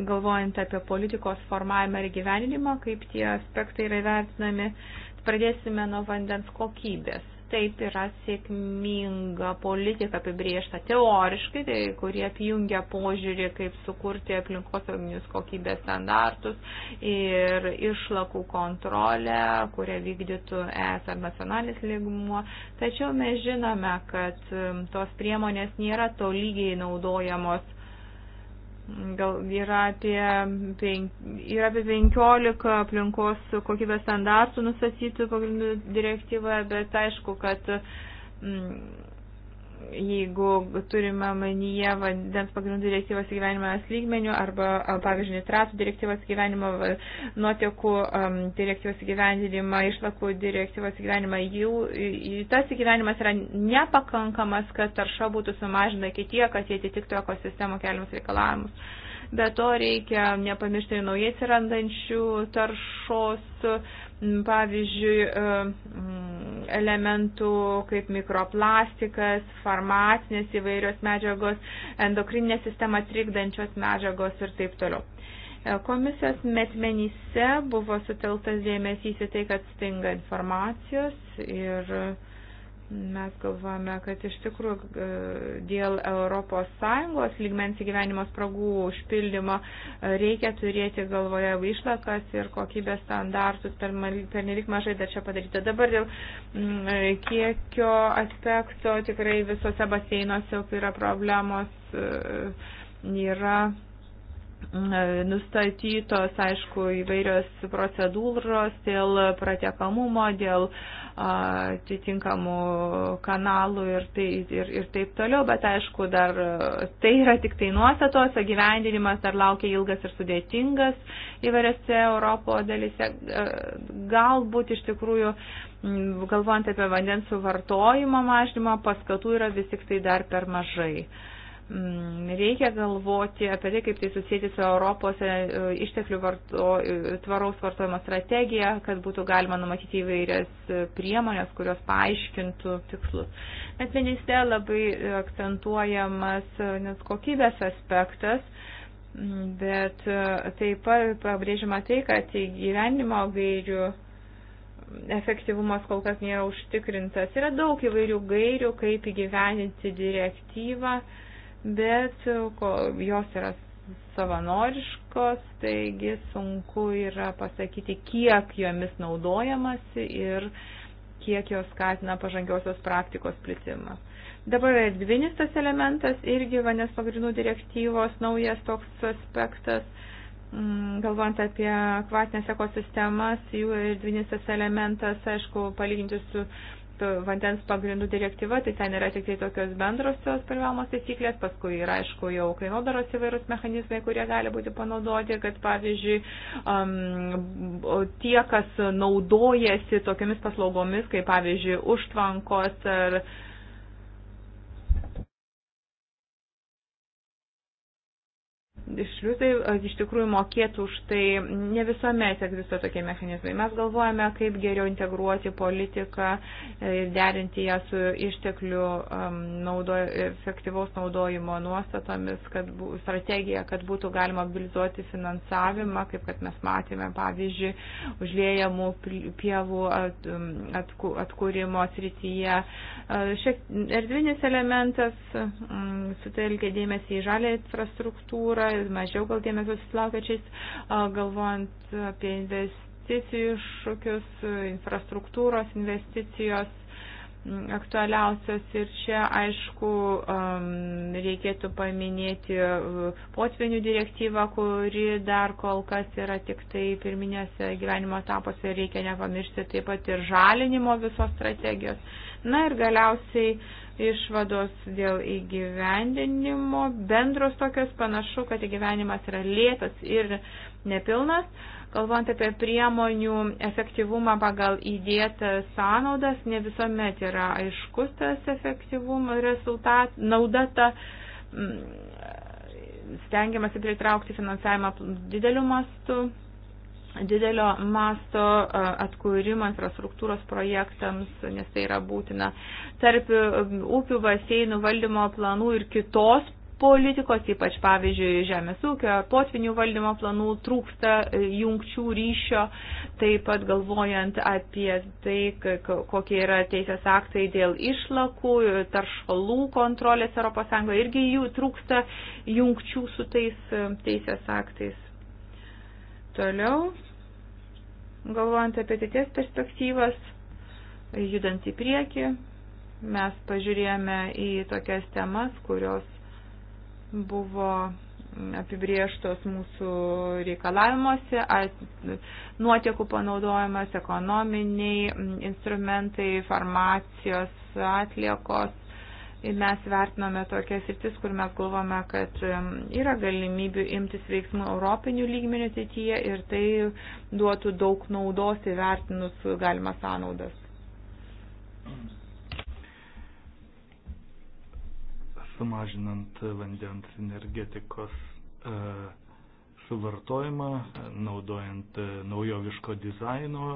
S3: galvojant apie politikos formavimą ir gyvenimą, kaip tie aspektai yra vertinami. Pradėsime nuo vandens kokybės taip yra sėkminga politika apibriešta teoriškai, tai kurie apjungia požiūrį, kaip sukurti aplinkosauginius kokybės standartus ir išlakų kontrolę, kurią vykdytų ES ar nacionalinis lygmuo. Tačiau mes žinome, kad um, tos priemonės nėra tolygiai naudojamos Gal yra apie, penk, yra apie 15 aplinkos kokybės standartų nustatytų pagrindų direktyvoje, bet aišku, kad mm, jeigu turime manyje vandens pagrindų direktyvos gyvenimas lygmenių arba, pavyzdžiui, nitratų direktyvos gyvenimą, nuotekų um, direktyvos gyvenimą, išlakų direktyvos gyvenimą, jų tas gyvenimas yra nepakankamas, kad tarša būtų sumažinta iki tiek, kad jie atitiktų ekosistemų keliamus reikalavimus. Be to reikia nepamiršti ir naujai atsirandančių taršos pavyzdžiui, e, elementų kaip mikroplastikas, farmacinės įvairios medžiagos, endokrininę sistemą trikdančios medžiagos ir taip toliau. E, komisijos metmenyse buvo suteltas dėmesys į tai, kad stinga informacijos ir uh, Mes galvojame, kad iš tikrųjų e, dėl ES lygmens įgyvenimo spragų užpildymo e, reikia turėti galvoje išlakas ir kokybės standartus per, per nelik mažai dar čia padaryta. Dabar dėl mm, e, kiekio aspekto tikrai visose baseinuose yra problemos, yra nustatytos, aišku, įvairios procedūros dėl pratekamumo, dėl uh, atitinkamų kanalų ir, tai, ir, ir taip toliau, bet aišku, dar tai yra tik tai nuostatos, gyvendinimas dar laukia ilgas ir sudėtingas įvairiose Europo dalyse. Galbūt iš tikrųjų, galvojant apie vandens suvartojimo mažinimą, paskatų yra vis tik tai dar per mažai. Uh, Mm, reikia galvoti apie tai, kaip tai susijęti su Europos e, išteklių varto, e, tvaraus vartojimo strategija, kad būtų galima numatyti įvairias e, priemonės, kurios paaiškintų tikslus. Bet ministė labai akcentuojamas nes kokybės aspektas. Mm, bet taip pat pabrėžima tai, kad įgyvenimo gairių efektyvumas kol kas nėra užtikrintas. Yra daug įvairių gairių, kaip įgyveninti direktyvą. Uh, bet jos yra savanoriškos, taigi sunku yra pasakyti, kiek jomis naudojamasi ir kiek jos skatina pažangiosios praktikos plitimą. Dabar erdvinis tas elementas irgi vandens pagrindų direktyvos naujas toks aspektas. Mm, galvojant apie kvatinės ekosistemas, jų erdvinis tas elementas, aišku, palyginti su vandens pagrindų direktyva, tai ten yra tik tai tokios bendrosios privalomas taisyklės, paskui yra aišku jau kainodaros įvairūs mechanizmai, kurie gali būti panaudoti, kad pavyzdžiui um, tie, kas naudojasi tokiamis paslaugomis, kaip pavyzdžiui užtvankos ar uh, šliuzai iš tikrųjų mokėtų už tai, ne visuomet egzistuoja tokie mechanizmai. Mes galvojame, kaip geriau integruoti politiką ir e, derinti ją su išteklių naudo, efektyvaus naudojimo nuostatomis, kad bū, strategija, kad būtų galima mobilizuoti finansavimą, kaip kad mes matėme, pavyzdžiui, užliejamų pievų atkūrimo srityje. E, šiek, erdvinis elementas sutelkia dėmesį į žalę infrastruktūrą mažiau gal dėmesio susilaukiačiais, galvojant apie investicijų iššūkius, infrastruktūros investicijos aktualiausios ir čia, aišku, reikėtų paminėti potvinių direktyvą, kuri dar kol kas yra tik tai pirminėse gyvenimo etapuose ir reikia nepamiršti taip pat ir žalinimo visos strategijos. Na ir galiausiai išvados dėl įgyvendinimo. Bendros tokios panašu, kad įgyvenimas yra lėtas ir nepilnas. Kalbant apie priemonių efektyvumą pagal įdėtas sąnaudas, ne visuomet yra aiškus tas efektyvumo rezultat, nauda ta mm, stengiamasi pritraukti finansavimą dideliu mastu, didelio masto e, atkūrimo infrastruktūros projektams, nes tai yra būtina tarp e, upių baseinų valdymo planų ir kitos politikos, ypač pavyzdžiui žemės ūkio ar potvinių valdymo planų trūksta e, jungčių ryšio, taip pat galvojant apie tai, kokie yra teisės aktai dėl išlakų, taršalų kontrolės ES, irgi jų trūksta jungčių su tais teisės aktais. Toliau, galvojant apie ateities perspektyvas, judant į priekį, mes pažiūrėjome į tokias temas, kurios buvo apibrieštos mūsų reikalavimuose, nuotiekų panaudojimas, ekonominiai instrumentai, farmacijos atliekos, mes vertiname tokias sritis, kur mes galvome, kad um, yra galimybių imtis veiksmų europinių lygmenių ateityje ir tai duotų daug naudos įvertinus galimas sąnaudas.
S1: Sumažinant vandens energetikos e, suvartojimą, naudojant e, naujoviško dizaino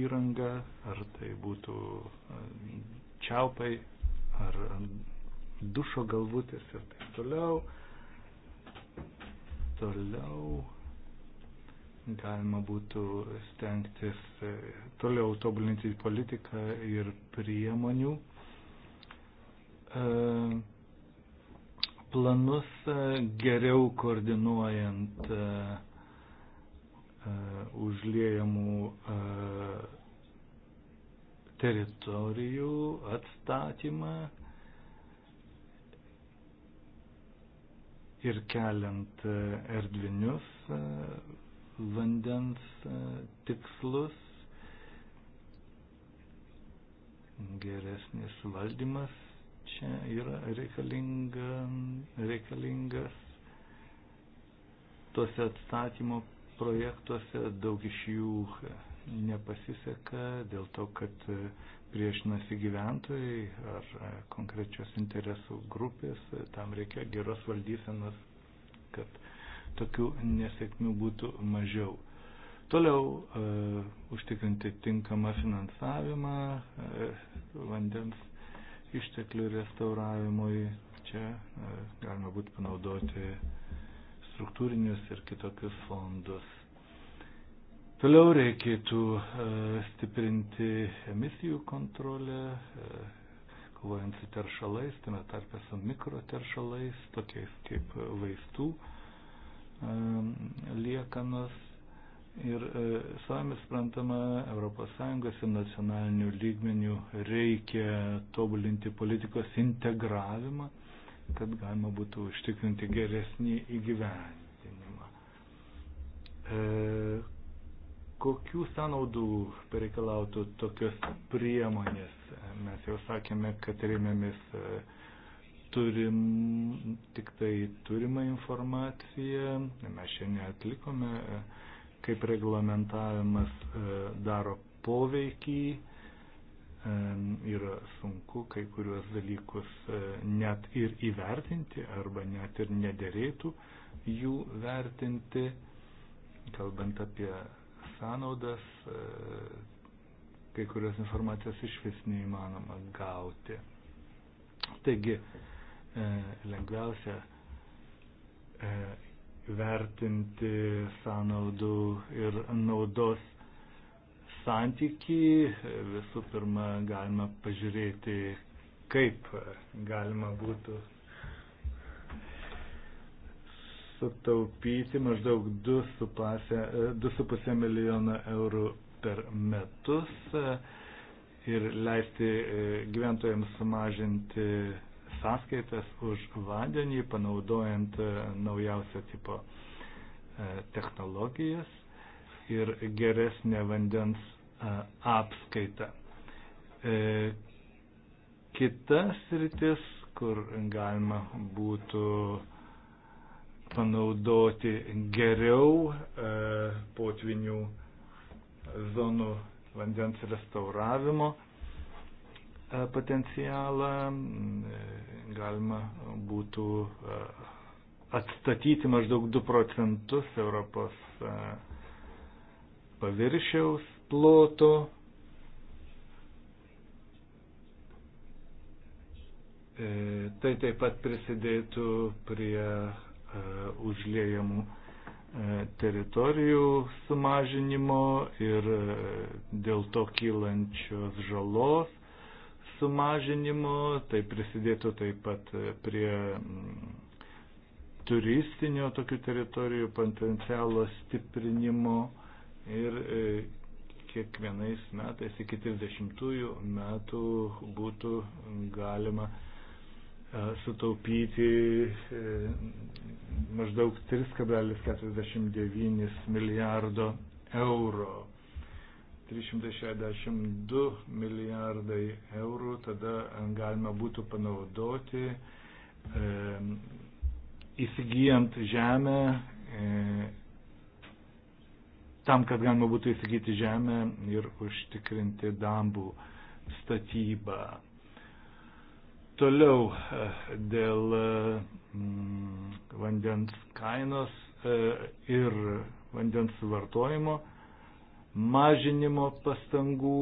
S1: įrangą, ar tai būtų e, čiaupai ar dušo galvutės ir taip toliau. Toliau galima būtų stengtis e, toliau tobulinti politiką ir priemonių e, planus e, geriau koordinuojant užliejamų teritorijų atstatymą ir keliant e, erdvinius e, vandens e, tikslus, geresnis valdymas čia yra reikalinga, reikalingas tuose atstatymo projektuose, daug iš jų nepasiseka dėl to, kad priešinasi gyventojai ar e, konkrečios interesų grupės, e, tam reikia geros valdysenos, kad tokių nesėkmių būtų mažiau. Toliau e, užtikrinti tinkamą finansavimą e, vandens išteklių restauravimui. Čia e, galima būtų panaudoti struktūrinius ir kitokius fondus. Toliau reikėtų e, stiprinti emisijų kontrolę, e, kovojant su teršalais, tame tarpe su mikroteršalais, tokiais kaip vaistų e, liekanos. Ir savami sprantama, ES ir nacionalinių lygmenių reikia tobulinti politikos integravimą, kad galima būtų užtikrinti geresnį įgyvendinimą Kokių sąnaudų pareikalautų tokios priemonės? Mes jau sakėme, kad rėmėmis e, turim tik tai turimą informaciją. Mes šiandien atlikome, e, kaip reglamentavimas e, daro poveikį yra sunku kai kuriuos dalykus net ir įvertinti arba net ir nederėtų jų vertinti, kalbant apie sąnaudas, e, kai kurios informacijos iš vis neįmanoma gauti. Taigi, e, lengviausia e, vertinti sąnaudų ir naudos santyki. Visų pirma, galima pažiūrėti, kaip galima būtų sutaupyti maždaug 2,5 milijono eurų per metus e, ir leisti e, gyventojams sumažinti sąskaitas už vandenį, panaudojant e, naujausio tipo technologijas ir geresnę vandens apskaitą. Kitas rytis, kur galima būtų panaudoti geriau e, potvinių zonų vandens restauravimo e, potencialą. E, galima būtų atstatyti maždaug 2 procentus Europos paviršiaus ploto. Tai taip pat prisidėtų prie E, užliejamų e, teritorijų sumažinimo ir e, dėl to kylančios žalos sumažinimo, tai prisidėtų taip pat prie mm, turistinio tokių teritorijų potencialo stiprinimo ir kiekvienais metais iki 30 metų būtų galima sutaupyti e, maždaug 3,49 milijardo eurų. 362 milijardai eurų tada e, galima būtų panaudoti e, įsigijant žemę, tam, kad galima būtų įsigyti žemę ir užtikrinti dambų statybą. Toliau e, dėl e, mm, vandens kainos e, ir vandens vartojimo mažinimo pastangų.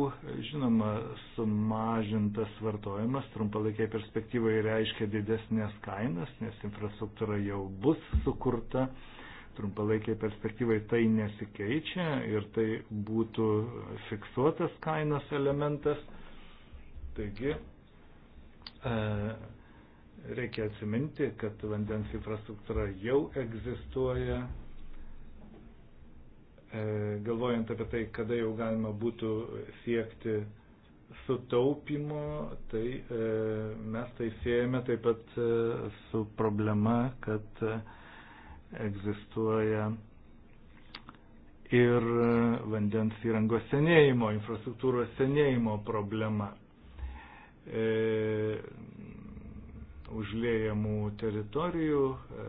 S1: Žinoma, sumažintas vartojimas trumpalaikiai perspektyvai reiškia didesnės kainas, nes infrastruktūra jau bus sukurta. Trumpalaikiai perspektyvai tai nesikeičia ir tai būtų fiksuotas kainos elementas. Taigi, E, reikia atsiminti, kad vandens infrastruktūra jau egzistuoja. E, galvojant apie tai, kada jau galima būtų siekti sutaupimo, tai e, mes tai siejame taip pat e, su problema, kad e, egzistuoja ir vandens įrangos senėjimo, infrastruktūros senėjimo problema e, užlėjamų teritorijų, e,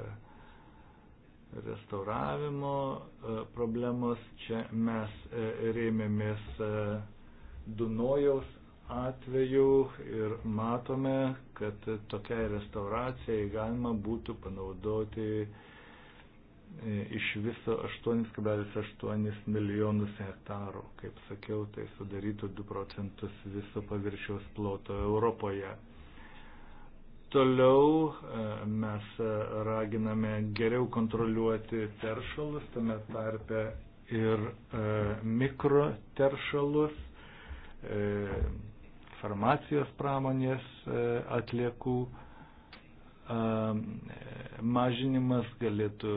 S1: restauravimo e, problemos. Čia mes e, rėmėmės e, Dunojaus atveju ir matome, kad tokiai restauracijai galima būtų panaudoti e, E, iš viso 8,8 milijonus hektarų. Kaip sakiau, tai sudarytų 2 procentus viso paviršiaus ploto Europoje. Toliau e, mes raginame geriau kontroliuoti teršalus, tame tarpe ir e, mikroteršalus, farmacijos pramonės atliekų mažinimas galėtų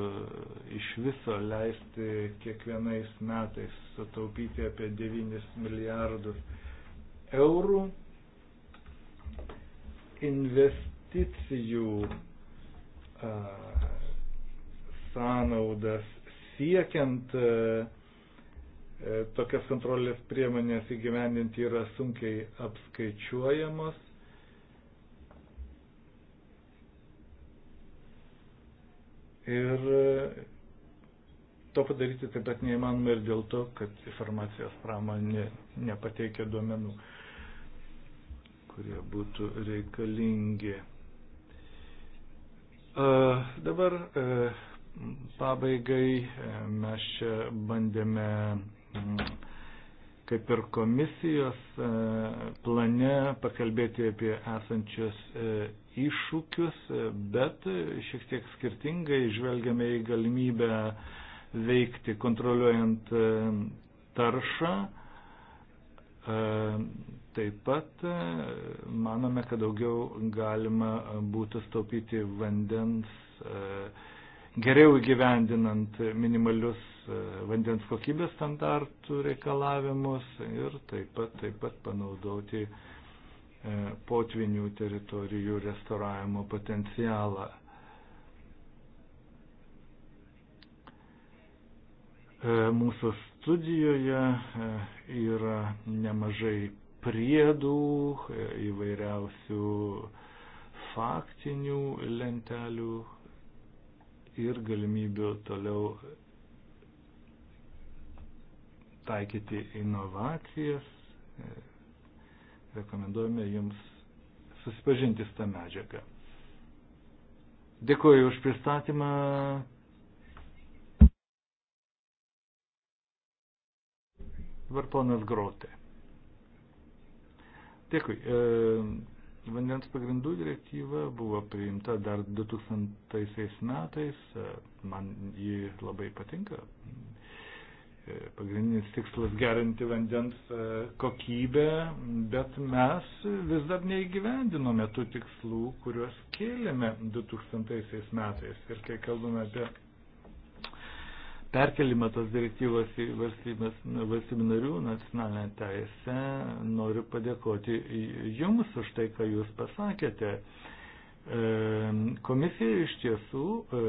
S1: iš viso leisti kiekvienais metais sutaupyti apie 9 milijardus eurų. Investicijų sąnaudas siekiant tokias kontrolės priemonės įgyvendinti yra sunkiai apskaičiuojamos Ir e, to padaryti taip pat neįmanoma ir dėl to, kad informacijos pramonė nepateikia duomenų, kurie būtų reikalingi. E, dabar e, pabaigai mes čia bandėme kaip ir komisijos plane pakalbėti apie esančius iššūkius, bet šiek tiek skirtingai žvelgiame į galimybę veikti kontroliuojant e, taršą. E, taip pat e, manome, kad daugiau galima būtų staupyti vandens, geriau įgyvendinant minimalius vandens kokybės standartų reikalavimus ir taip pat, taip pat panaudoti uh, E, potvinių teritorijų restauravimo potencialą. E, mūsų studijoje e, yra nemažai priedų, įvairiausių faktinių lentelių ir galimybių toliau taikyti inovacijas, rekomenduojame jums susipažinti su tą medžiagą. Dėkuoju už pristatymą. Varponas Grotė. Dėkui. E, vandens pagrindų direktyva buvo priimta dar 2000 metais. E, man ji labai patinka. Pagrindinis tikslas gerinti vandens e, kokybę, bet mes vis dar neįgyvendinome tų tikslų, kuriuos kėlėme 2000 metais. Ir kai kalbame apie perkelimą tos direktyvos į valstybių narių nacionalinę teisę, noriu padėkoti Jums už tai, ką Jūs pasakėte. E, komisija iš tiesų e,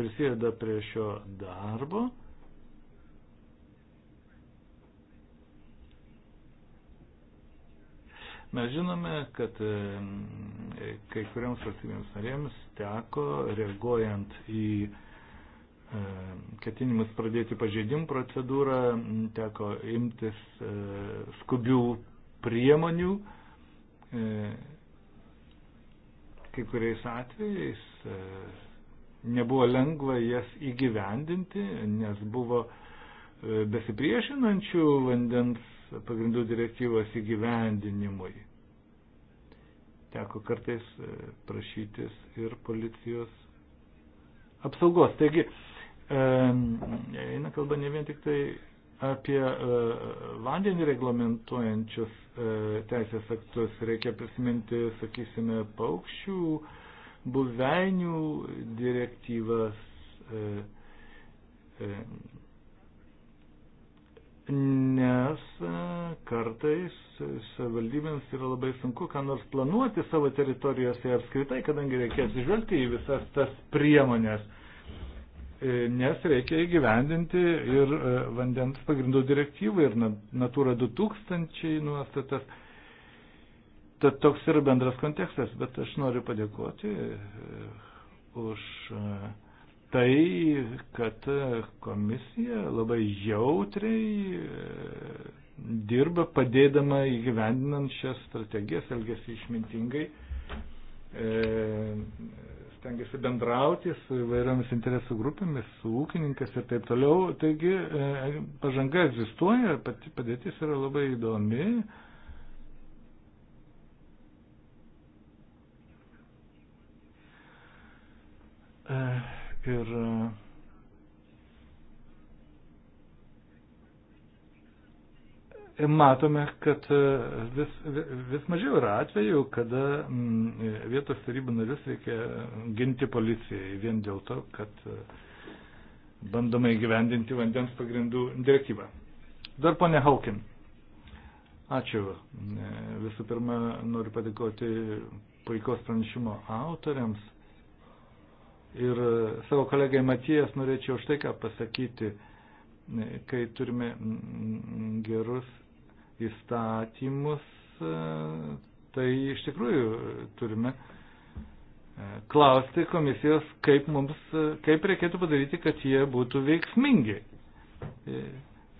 S1: prisideda prie šio darbo Mes žinome, kad kai kuriams valstybėms narėms teko, reaguojant į ketinimus pradėti pažeidimų procedūrą, teko imtis e, skubių priemonių. E, kai kuriais atvejais e, nebuvo lengva jas įgyvendinti, nes buvo besipriešinančių vandens pagrindų direktyvos įgyvendinimui. Teko kartais e, prašytis ir policijos apsaugos. Taigi, e, eina kalba ne vien tik tai apie e, vandenį reglamentuojančius teisės aktus. Reikia prisiminti, sakysime, paukščių, buveinių direktyvas nes e, kartais savivaldybėms yra labai sunku ką nors planuoti savo teritorijose apskritai, kadangi reikia atsižvelgti į visas tas priemonės, e, nes reikia įgyvendinti ir e, vandens pagrindų direktyvą ir Natura 2000 nuostatas. Tad toks yra bendras kontekstas, bet aš noriu padėkoti už. Uh, tai, kad komisija labai jautriai e, dirba padėdama įgyvendinant šias strategijas, elgesi išmintingai, e, stengiasi bendrauti su įvairiomis interesų grupėmis, su ūkininkas ir taip toliau. Taigi e, pažanga egzistuoja, pati padėtis yra labai įdomi. Uh E, ir matome, kad e, vis, vis mažiau yra atvejų, kada mm, vietos tarybų narius reikia ginti policijai vien dėl to, kad e, bandoma įgyvendinti vandens pagrindų direktyvą. Dar ponė Haukin. Ačiū. Visų pirma, noriu padėkoti puikos pranešimo autoriams. Ir e, savo kolegai Matijas norėčiau štai ką pasakyti, e, kai turime gerus įstatymus, e, tai iš tikrųjų turime klausti komisijos, kaip, mums, kaip reikėtų padaryti, kad jie būtų veiksmingi.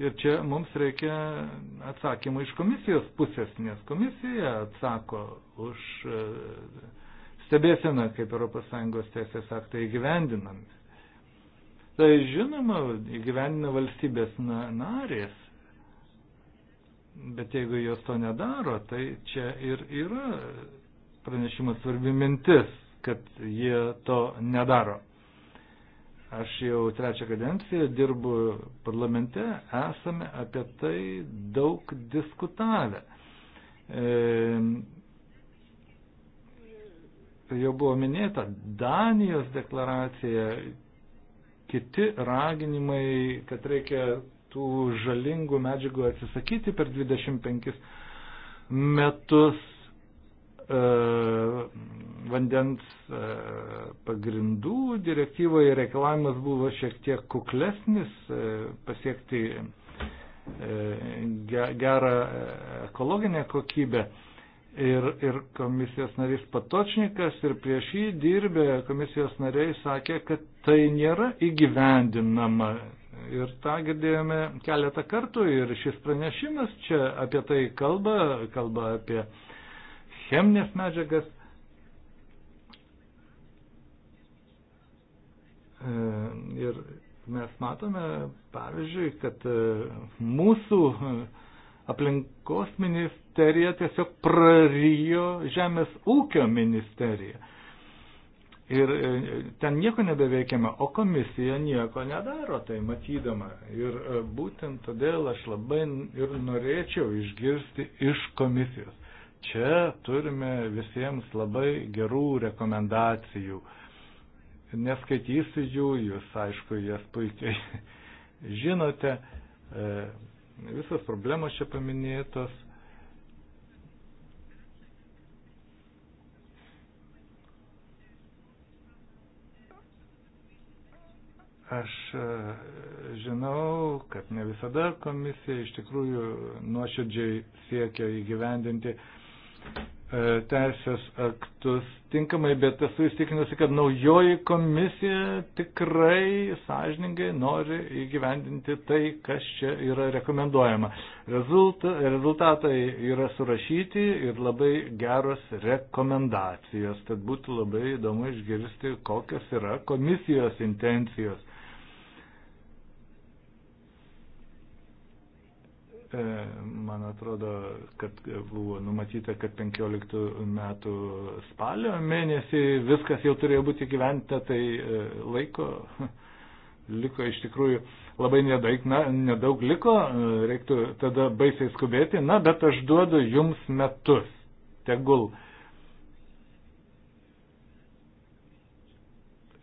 S1: Ir čia mums reikia atsakymų iš komisijos pusės, nes komisija atsako už stebėsena, kaip ES teisės aktai įgyvendinami. Tai žinoma, įgyvendina valstybės narės, bet jeigu jos to nedaro, tai čia ir yra pranešimas svarbi mintis, kad jie to nedaro. Aš jau trečią kadenciją dirbu parlamente, esame apie tai daug diskutavę. E, Tai jau buvo minėta, Danijos deklaracija, kiti raginimai, kad reikia tų žalingų medžiagų atsisakyti per 25 metus e, vandens e, pagrindų direktyvoje reikalavimas buvo šiek tiek kuklesnis e, pasiekti e, gerą e, ekologinę kokybę. E, ir, ir komisijos narys Patočnikas ir prieš jį dirbę komisijos nariai sakė, kad tai nėra įgyvendinama. Ir tą girdėjome keletą kartų ir šis pranešimas čia apie tai kalba, kalba apie cheminės medžiagas. E, ir mes matome, pavyzdžiui, kad e, mūsų aplinkos ministerija tiesiog prarijo žemės ūkio ministeriją. Ir e, ten nieko nebeveikiama, o komisija nieko nedaro tai matydama. Ir e, būtent todėl aš labai ir norėčiau išgirsti iš komisijos. Čia turime visiems labai gerų rekomendacijų. Neskaitysiu jų, jūs aišku jas puikiai žinote. E, Visos problemos čia paminėtos. Aš e, žinau, kad ne visada komisija iš tikrųjų nuoširdžiai siekia įgyvendinti E, teisės aktus tinkamai, bet esu įstikinusi, kad naujoji komisija tikrai sąžiningai nori įgyvendinti tai, kas čia yra rekomenduojama. Rezulta, rezultatai yra surašyti ir labai geros rekomendacijos, tad būtų labai įdomu išgirsti, kokios yra komisijos intencijos. E, man atrodo, kad buvo numatyta, kad 15 metų spalio mėnesį viskas jau turėjo būti gyventa, tai e, laiko liko iš tikrųjų labai nedaug, na, nedaug liko, e, reiktų tada baisiai skubėti, na, bet aš duodu jums metus. Tegul uh,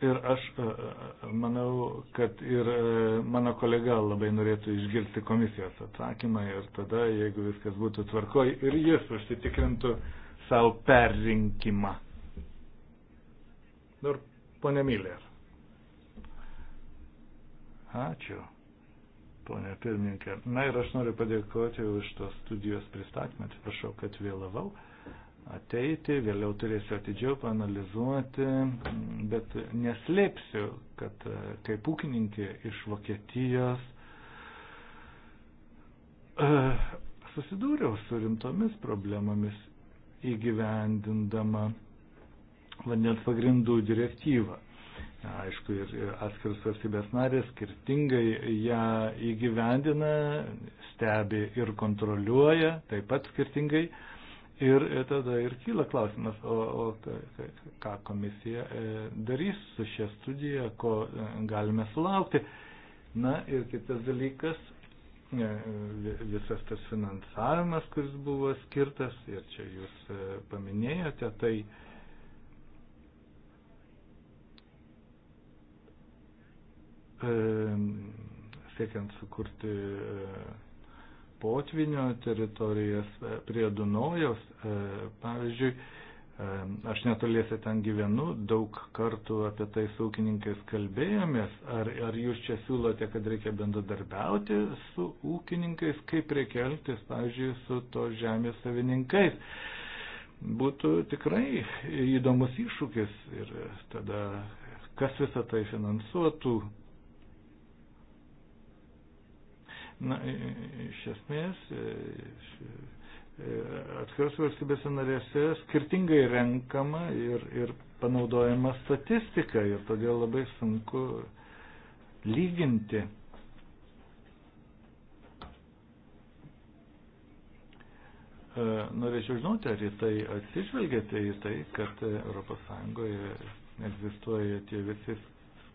S1: Ir aš e, e, manau, kad ir e, mano kolega labai norėtų išgirsti komisijos atsakymą ir tada, jeigu viskas būtų tvarkoj, ir jis užsitikrintų savo perrinkimą. Dar ponė Miller. Ačiū, ponė pirmininkė. Na ir aš noriu padėkoti už tos studijos pristatymą. Atsiprašau, kad vėlavau ateiti, vėliau turėsiu atidžiau panalizuoti, bet neslėpsiu, kad e, kaip ūkininkė iš Vokietijos e, susidūriau su rimtomis problemomis įgyvendindama vandens pagrindų direktyvą. Aišku, ir atskiras valstybės narės skirtingai ją įgyvendina, stebi ir kontroliuoja, taip pat skirtingai. Uh, Ir tada ir kyla klausimas, o, o ką komisija e, darys su šia studija, ko e, galime sulaukti. Na ir kitas dalykas, e, visas tas finansavimas, kuris buvo skirtas, ir čia jūs paminėjote, tai siekiant sukurti potvinio teritorijas e, prie Dunojaus. E, pavyzdžiui, e, aš netoliese ten gyvenu, daug kartų apie tai su ūkininkais kalbėjomės. Ar, ar jūs čia siūlote, kad reikia bendradarbiauti su ūkininkais, kaip reikia elgtis, pavyzdžiui, su to žemės savininkais? Būtų tikrai įdomus iššūkis ir tada kas visą tai finansuotų, Na, iš esmės, e, e, e, atskiros valstybėse narėse skirtingai renkama ir, ir panaudojama statistika ir todėl labai sunku lyginti. Norėčiau žinoti, ar į tai atsižvelgėte į tai, kad ES egzistuoja tie visi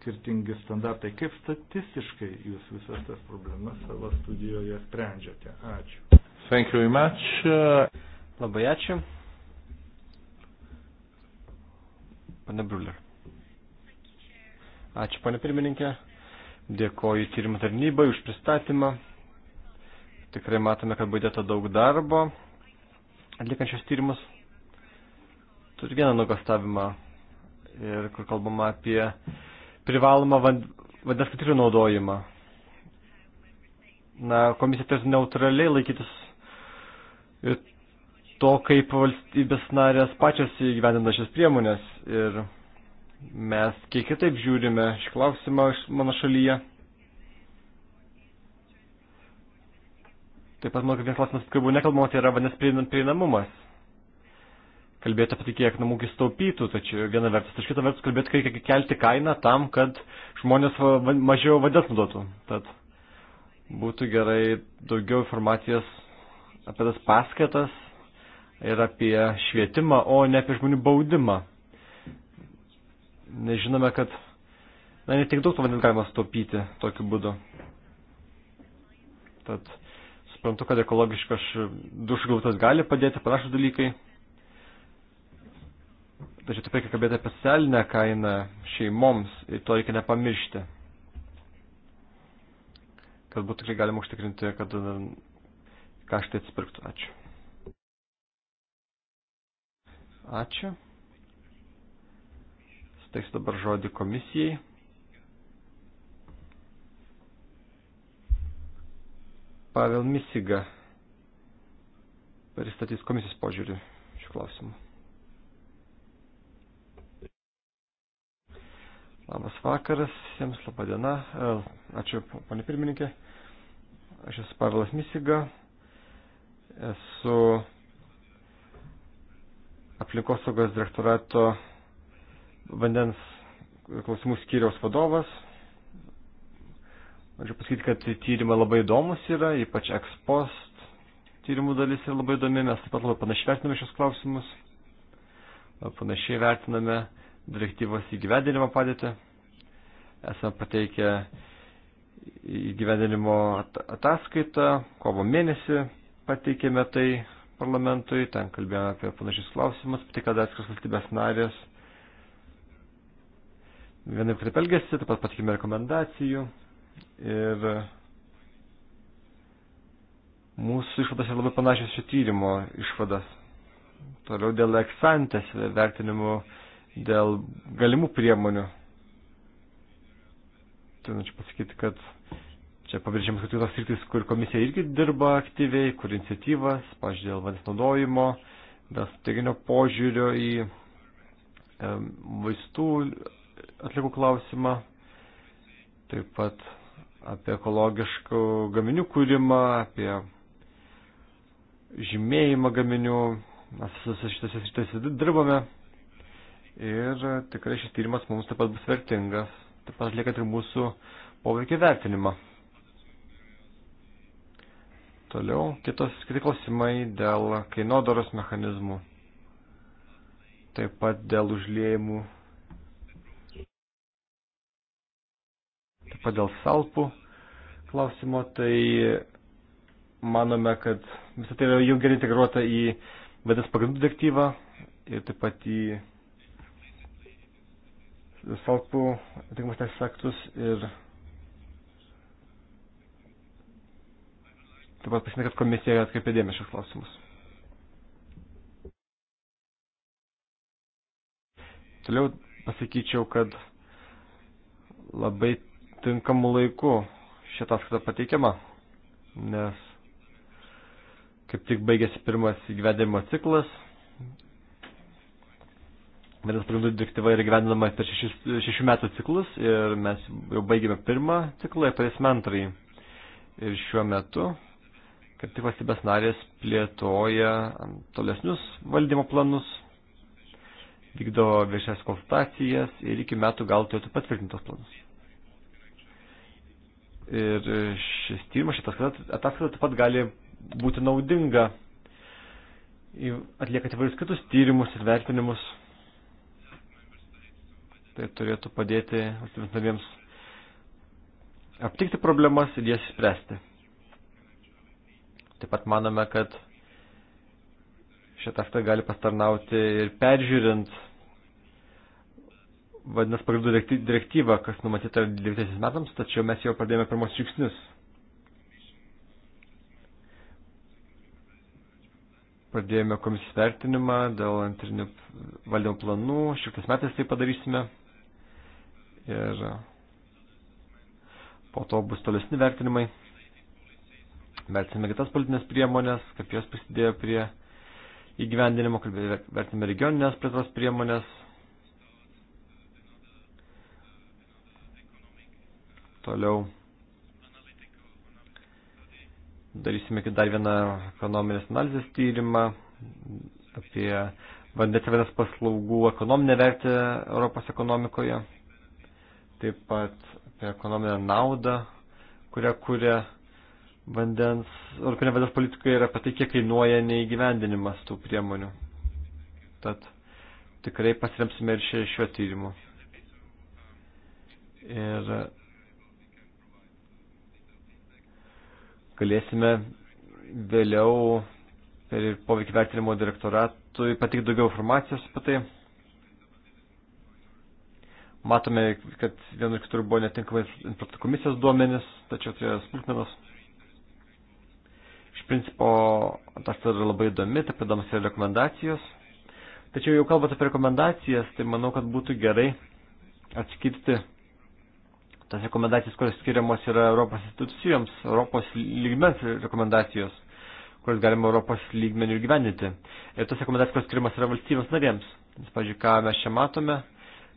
S1: skirtingi standartai. Kaip statistiškai jūs visas tas problemas savo studijoje sprendžiate? Ačiū.
S2: Thank you very much. Labai ačiū. Pane Bruller. Ačiū, pane pirmininkė. Dėkoju tyrimų tarnybai už pristatymą. Tikrai matome, kad buvo dėta daug darbo atlikančios tyrimus. Turiu vieną nugastavimą ir kur kalbama apie privalomą vandens katilių naudojimą. Na, komisija turės neutraliai laikytis ir to, kaip valstybės narės pačios įgyvendina šias priemonės. Ir mes kiek kitaip žiūrime šį klausimą mano šalyje. Taip pat, manau, kad vienas klausimas, kai buvo nekalbama, tai yra vandens prieinamumas kalbėti apie tai, kiek namų ūkis taupytų, tačiau viena vertus, tačiau kita vertus kalbėti, kad reikia kelti kainą tam, kad žmonės mažiau vandens naudotų. Tad būtų gerai daugiau informacijos apie tas paskatas ir apie švietimą, o ne apie žmonių baudimą. Nežinome, kad na, ne tik daug to vandens galima sutaupyti tokiu būdu. Tad suprantu, kad ekologiškas dušų gautas gali padėti panašus dalykai. Tačiau taip reikia kalbėti apie socialinę kainą šeimoms ir to reikia nepamiršti. Kad būtų tikrai galima užtikrinti, kad e, kaštai atsipirktų. Ačiū. Ačiū. Suteiksiu dabar žodį komisijai. Pavel Misiga pristatys komisijos požiūrį šiuo klausimu. Labas vakaras, jiems laba diena. E, ačiū, ponė pirmininkė. Aš esu Pavilas Misiga. Esu aplinkosaugos direktorato vandens klausimų skyriaus vadovas. Noriu pasakyti, kad tyrimai labai įdomus yra, ypač ekspost tyrimų dalis yra labai įdomi, mes taip pat labai panašiai vertiname šios klausimus, panašiai vertiname uh, direktyvos įgyvendinimo padėtį. Esame pateikę įgyvendinimo ataskaitą, kovo mėnesį pateikėme tai parlamentui, ten kalbėjome apie panašius klausimus, tai kada atskiras valstybės narės vienaip kaip elgesi, taip pat patikime rekomendacijų ir mūsų išvadas yra labai panašios šio tyrimo išvadas. Toliau dėl eksantės vertinimų dėl galimų priemonių. Tai norėčiau pasakyti, kad čia pabrėžiamas, kad tos rytis, kur komisija irgi dirba aktyviai, kur iniciatyvas, pažiūrėjau, dėl vandens naudojimo, dėl strateginio požiūrio į e, vaistų atlikų klausimą, taip pat apie ekologiškų gaminių kūrimą, apie žymėjimą gaminių. Mes visose šitose sritėse dirbame ir tikrai šis tyrimas mums taip pat bus vertingas, taip pat atliekant ir mūsų poveikį vertinimą. Toliau kitos kiti klausimai dėl kainodaros mechanizmų, taip pat dėl užliejimų, taip pat dėl salpų klausimo, tai manome, kad visą tai yra jau gerai integruota į vadės pagrindų direktyvą ir taip pat į salpų atitinkamus teisės aktus ir taip pat pasimė, kad komisija atkreipė dėmesį šios klausimus. Toliau pasakyčiau, kad labai tinkamu laiku šitą skaitą pateikiama, nes kaip tik baigėsi pirmas įgyvedimo ciklas, Vandens pagrindų direktyva yra gyvendinama per šešis, šešių metų ciklus ir mes jau baigėme pirmą ciklą ir pradėsime antrąjį. Ir šiuo metu, kaip tik valstybės narės plėtoja tolesnius valdymo planus, vykdo viešas konsultacijas ir iki metų gal turėtų patvirtintos planus. Ir šis tyrimas, šitas ataskaita taip pat gali būti naudinga atliekant įvairius kitus tyrimus ir vertinimus Tai turėtų padėti valstybės narėms aptikti problemas ir jas spręsti. Taip pat manome, kad šitą aktą gali pastarnauti ir peržiūrint vadinasi pagrindų direktyvą, kas numatyta 19 metams, tačiau mes jau pradėjome pirmos žingsnius. Pradėjome komisijos vertinimą dėl antrinių valdymo planų, šimtas metais tai padarysime ir po to bus tolesni vertinimai. Vertinime kitas politinės priemonės, kaip jos prisidėjo prie įgyvendinimo, vertinime regioninės plėtros priemonės. Toliau darysime dar vieną ekonominės analizės tyrimą apie vandetvedas paslaugų ekonominę vertę Europos ekonomikoje taip pat apie ekonominę naudą, kurią kuria vandens, Europinė vandens politika ir apie tai, kiek kainuoja neįgyvendinimas tų priemonių. Tad tikrai pasiremsime ir šio, šio tyrimu. Ir galėsime vėliau per poveikį vertinimo direktoratui patikti daugiau informacijos apie tai. Matome, kad vienu ir kitur buvo netinkamai komisijos duomenis, tačiau tai yra smulkmenos. Iš principo, ataskaita yra labai įdomi, taip įdomas yra rekomendacijos. Tačiau jau kalbant apie rekomendacijas, tai manau, kad būtų gerai atskirti tas rekomendacijas, kurios skiriamos yra Europos institucijoms, Europos lygmens rekomendacijos, kurias galima Europos lygmenių gyveninti. Ir tas rekomendacijas, kurios skiriamas yra valstybės narėms. Nes, pavyzdžiui, ką mes čia matome,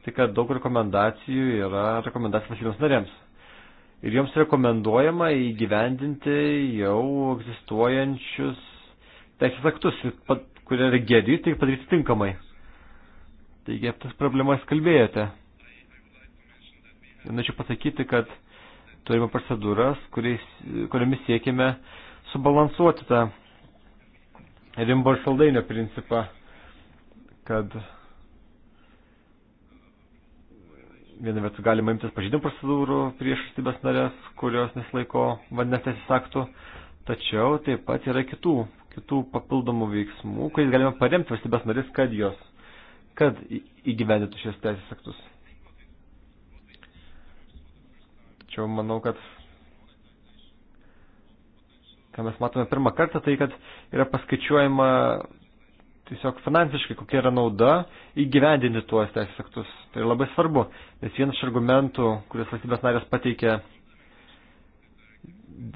S2: tai kad daug rekomendacijų yra rekomendacijų valstybėms narėms. Ir joms rekomenduojama įgyvendinti jau egzistuojančius teisės aktus, kurie yra geri, tai padaryti tinkamai. Taigi apie tas problemas kalbėjote. Norėčiau pasakyti, kad turime procedūras, kuriais, kuriomis siekime subalansuoti tą rimbo ir saldainio principą, kad viena vertus galima imtis pažydimų procedūrų prieš valstybės narės, kurios nesilaiko vandens teisės aktų, tačiau taip pat yra kitų, kitų papildomų veiksmų, kuriais galima paremti valstybės narės, kad jos, kad įgyvendintų šios teisės aktus. Tačiau manau, kad ką mes matome pirmą kartą, tai kad yra paskaičiuojama tiesiog finansiškai kokia yra nauda įgyvendinti tuos teisės aktus. Tai labai svarbu, nes vienas iš argumentų, kuris valstybės narės pateikė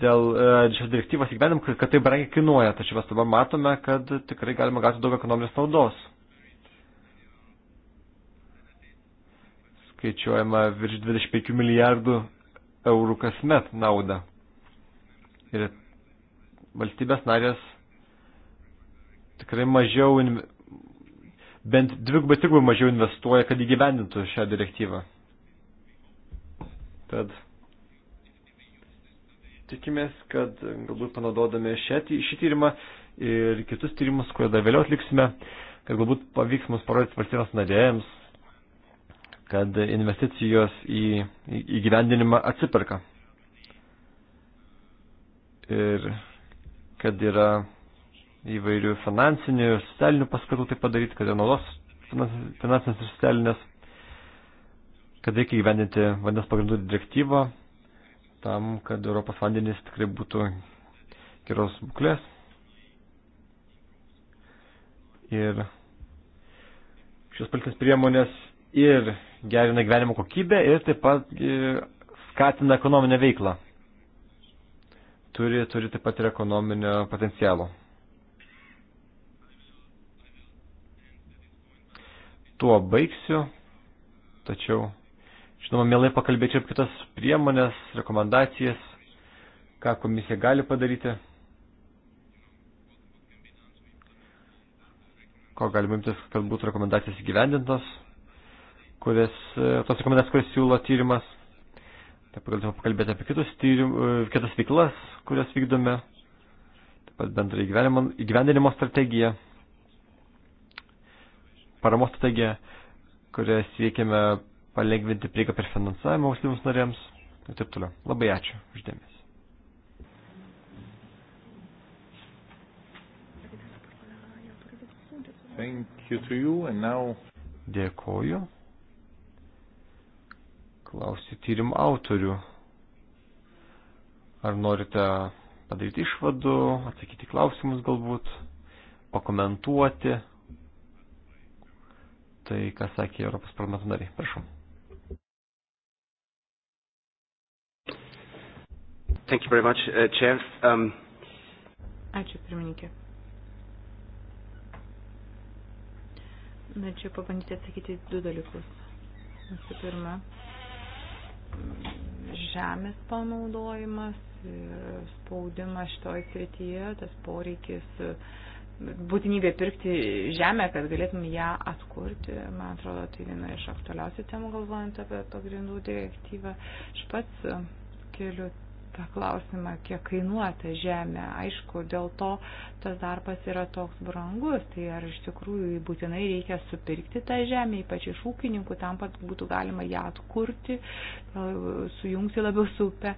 S2: dėl e, šios direktyvos įgyvendim, kad, kad tai brangiai kainuoja, tačiau mes dabar matome, kad tikrai galima gauti daug ekonominės naudos. Skaičiuojama virš 25 milijardų eurų kasmet naudą. Ir valstybės narės tikrai mažiau, bent dvigubai, trigubai mažiau investuoja, kad įgyvendintų šią direktyvą. Tad tikimės, kad galbūt panaudodami šią, šį tyrimą ir kitus tyrimus, kurie dar vėliau atliksime, kad galbūt pavyks mums parodyti valstybės narėjams, kad investicijos į įgyvendinimą atsiperka. Ir kad yra įvairių finansinių ir socialinių paskatų tai padaryti, kad jie naudos finansinės ir socialinės, kad reikia gyvendinti vandens pagrindų direktyvą, tam, kad Europos vandenys tikrai būtų geros būklės. Ir šios politinės priemonės ir gerina gyvenimo kokybę ir taip pat e, skatina ekonominę veiklą. Turi, turi taip pat ir ekonominio potencialo. tuo baigsiu, tačiau, žinoma, mielai pakalbėčiau apie kitas priemonės, rekomendacijas, ką komisija gali padaryti, ko galima imtis, kad būtų rekomendacijas įgyvendintos, kuris, tos rekomendacijas, kurias siūlo tyrimas. Taip pat galėtume pakalbėti apie kitus tyrim, kitas veiklas, kurias vykdome, taip pat bendrą įgyvendinimo strategiją paramos strategiją, kurioje siekime palengvinti prieigą per finansavimą valstybėms narėms ir taip toliau. Labai ačiū uždėmesi. Thank you to you and now... Dėkoju. Klausiu tyrimų autorių. Ar norite padaryti išvadų, atsakyti klausimus galbūt, pakomentuoti? tai, ką sakė Europos parlamento nariai. Prašau. Thank you very much, uh, Chair. Um...
S3: Ačiū, pirmininkė. Norėčiau pabandyti atsakyti du dalykus. Visų pirma, žemės panaudojimas ir spaudimas šitoje srityje, tas poreikis uh, būtinybė pirkti žemę, kad galėtum ją atkurti. Man atrodo, tai viena iš aktualiausių temų, galvojant apie pagrindų direktyvą. Aš pats e, keliu tą klausimą, kiek kainuota žemė. Aišku, dėl to tas darbas yra toks brangus. Tai ar iš tikrųjų būtinai reikia supirkti tą žemę, ypač iš ūkininkų, tam pat būtų galima ją atkurti, sujungti labiau su upe.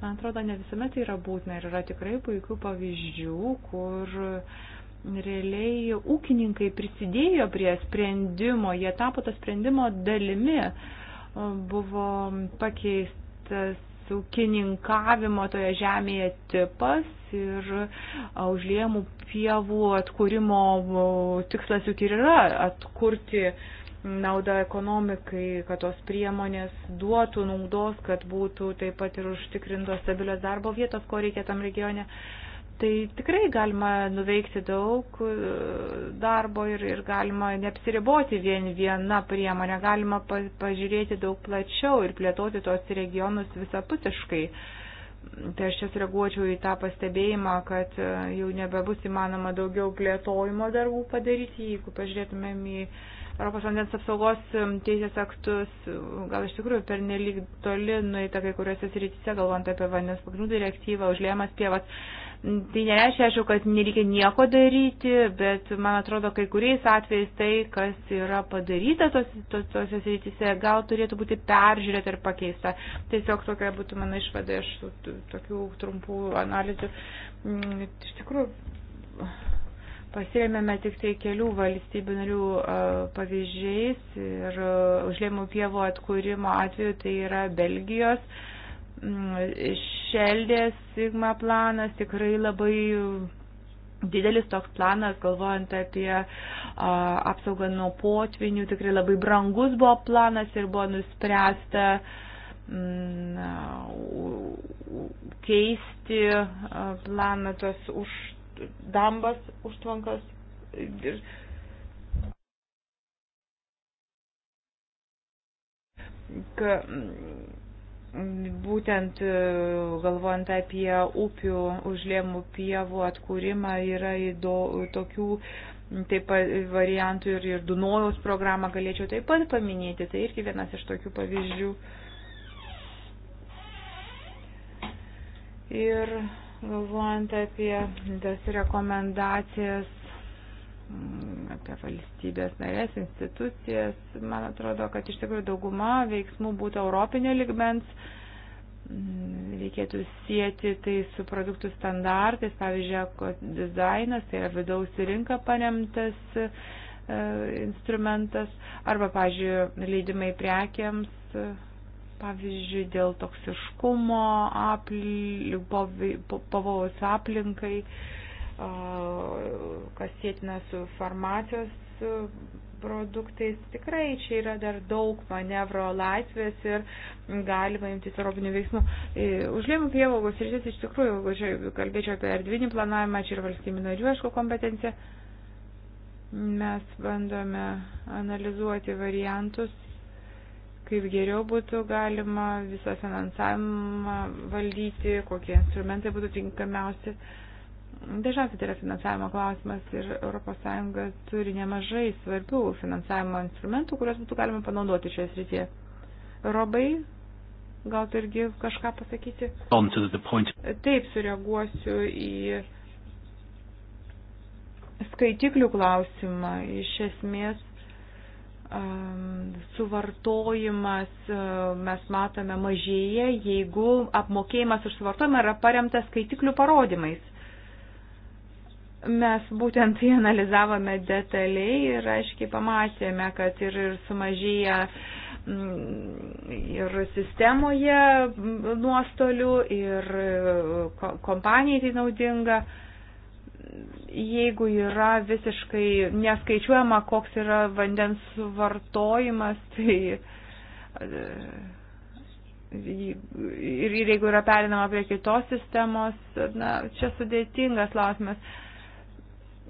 S3: Man atrodo, ne visuomet tai yra būtina ir yra tikrai puikių pavyzdžių, kur uh, realiai ūkininkai prisidėjo prie sprendimo, jie tapo to sprendimo dalimi, buvo pakeistas ūkininkavimo toje žemėje tipas ir užliejamų pievų atkūrimo tikslas juk ir yra atkurti naudą ekonomikai, kad tos priemonės duotų naudos, kad būtų taip pat ir užtikrintos stabilios darbo vietos, ko reikia tam regione. Uh, tai tikrai galima nuveikti daug e, darbo ir, ir galima neapsiriboti vien viena priemonė, galima pa, pažiūrėti daug plačiau ir plėtoti tos regionus visapusiškai. Tai aš čia reaguočiau į tą pastebėjimą, kad e, jau nebebus įmanoma daugiau plėtojimo darbų padaryti, jeigu pažiūrėtumėm į Europos vandens apsaugos e, teisės aktus, gal iš tikrųjų per nelik toli nueita kai kuriuose srityse, galvant apie vandens pagrindų direktyvą, užliemas pievas. Tai nereiškia, aišku, kad nereikia nieko daryti, bet man atrodo, kai kuriais atvejais tai, kas yra padaryta tos, tos, tose srityse, gal turėtų būti peržiūrėta ir pakeista. Tiesiog tokia būtų mano išvada iš tokių trumpų analizių. Mm, iš tikrųjų, pasiremėme tik tai kelių valstybių narių pavyzdžiais ir užlėmų pievų atkūrimo atveju tai yra Belgijos Šeldės Sigma planas tikrai labai didelis toks planas, galvojant apie a, apsaugą nuo potvinių, tikrai labai brangus buvo planas ir buvo nuspręsta m, mm, keisti a, planą tos už dambas, užtvankas. Ir, ka, m, būtent e, galvojant apie upių užlėmų pievų atkūrimą yra įdo, tokių taip pat variantų ir, ir Dunojaus programą galėčiau taip pat paminėti. Tai irgi vienas iš tokių pavyzdžių. Ir galvojant apie tas rekomendacijas Mm, apie valstybės narės, institucijas. Man atrodo, kad iš tikrųjų dauguma veiksmų būtų europinio ligmens. Mm, reikėtų sieti tai su produktų standartais, pavyzdžiui, dizainas, tai yra vidaus rinka paremtas e, instrumentas, arba, pavyzdžiui, leidimai prekiams, e, pavyzdžiui, dėl toksiškumo, apl... pavojaus aplinkai. Po, po, po, po, po, po, po, po, po, kas sėtina su farmacijos produktais. Tikrai čia yra dar daug manevro laisvės ir galima imtis europinių veiksmų. E, Užlėmų prievogos ir jis iš tikrųjų, jeigu kalbėčiau apie erdvinį planavimą, čia ir valstybių narių, aišku, kompetencija. Mes bandome analizuoti variantus, kaip geriau būtų galima visą finansavimą valdyti, kokie instrumentai būtų tinkamiausi. Uh, Dažniausiai tai yra finansavimo klausimas ir ES turi nemažai svarbių finansavimo instrumentų, kuriuos būtų galima panaudoti šioje srityje. Robai, gal tu irgi kažką pasakyti?
S4: Taip,
S3: sureaguosiu į skaitiklių klausimą. Iš esmės suvartojimas mes matome mažėja, jeigu apmokėjimas už suvartojimą yra paremtas skaitiklių parodymais. Mes būtent tai analizavome detaliai ir aiškiai pamatėme, kad ir, ir sumažėja mm, ir sistemoje mm, nuostolių, ir e, kompanijai tai naudinga jeigu yra visiškai neskaičiuojama, koks yra vandens vartojimas, tai e,
S4: ir
S3: jeigu yra perinama prie kitos sistemos, na, čia sudėtingas klausimas.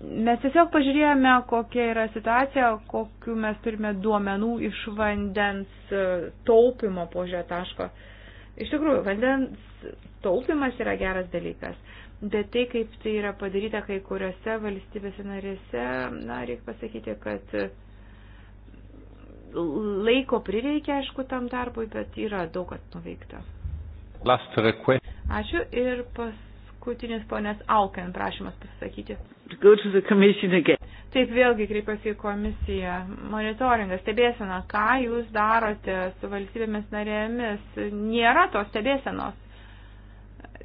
S3: Mes tiesiog pažiūrėjome, kokia yra situacija, kokiu mes turime duomenų iš vandens e, taupimo požiūrio taško. Iš tikrųjų, vandens taupimas yra geras dalykas, bet tai, kaip tai yra padaryta kai kuriuose valstybėse narėse, na, reikia pasakyti, kad laiko prireikia, aišku, tam darbui, bet yra daug kas nuveikta. Ačiū ir pas paskutinis ponės Alkan prašymas pasisakyti. Taip vėlgi kreipiasi į komisiją. Monitoringas, stebėsena, ką jūs darote su valstybėmis narėmis. Nėra tos stebėsenos.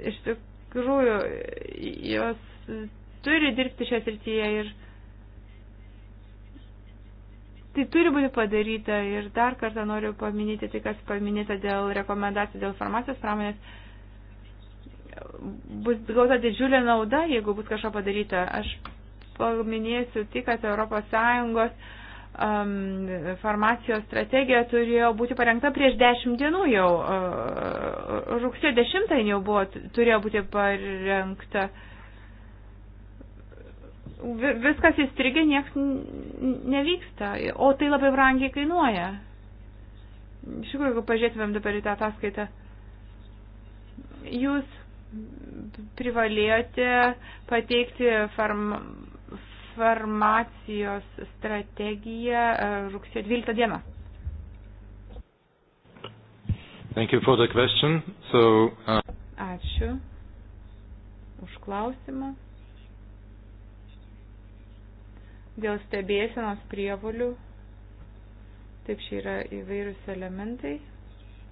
S3: Iš tikrųjų, jos turi dirbti šią srityje ir tai turi būti padaryta. Ir dar kartą noriu paminėti tai, kas paminėta dėl rekomendacijų dėl farmacijos pramonės bus gauta didžiulė nauda, jeigu bus kažko padaryta. Aš paminėsiu tik, kad ES um, farmacijos strategija turėjo būti parengta prieš dešimt dienų jau. Uh, rugsėjo 10 jau buvo, turėjo būti parengta. Viskas įstrigė, nieks nevyksta, o tai labai brangiai kainuoja. Iš tikrųjų, jeigu pažiūrėtumėm dabar į tą ataskaitą, jūs privalėjote pateikti farm, farmacijos strategiją e, rugsėjo 12 dieną.
S2: Thank you for the question. So, uh...
S3: Ačiū už klausimą. Dėl stebėsenos prievolių, taip čia yra įvairius elementai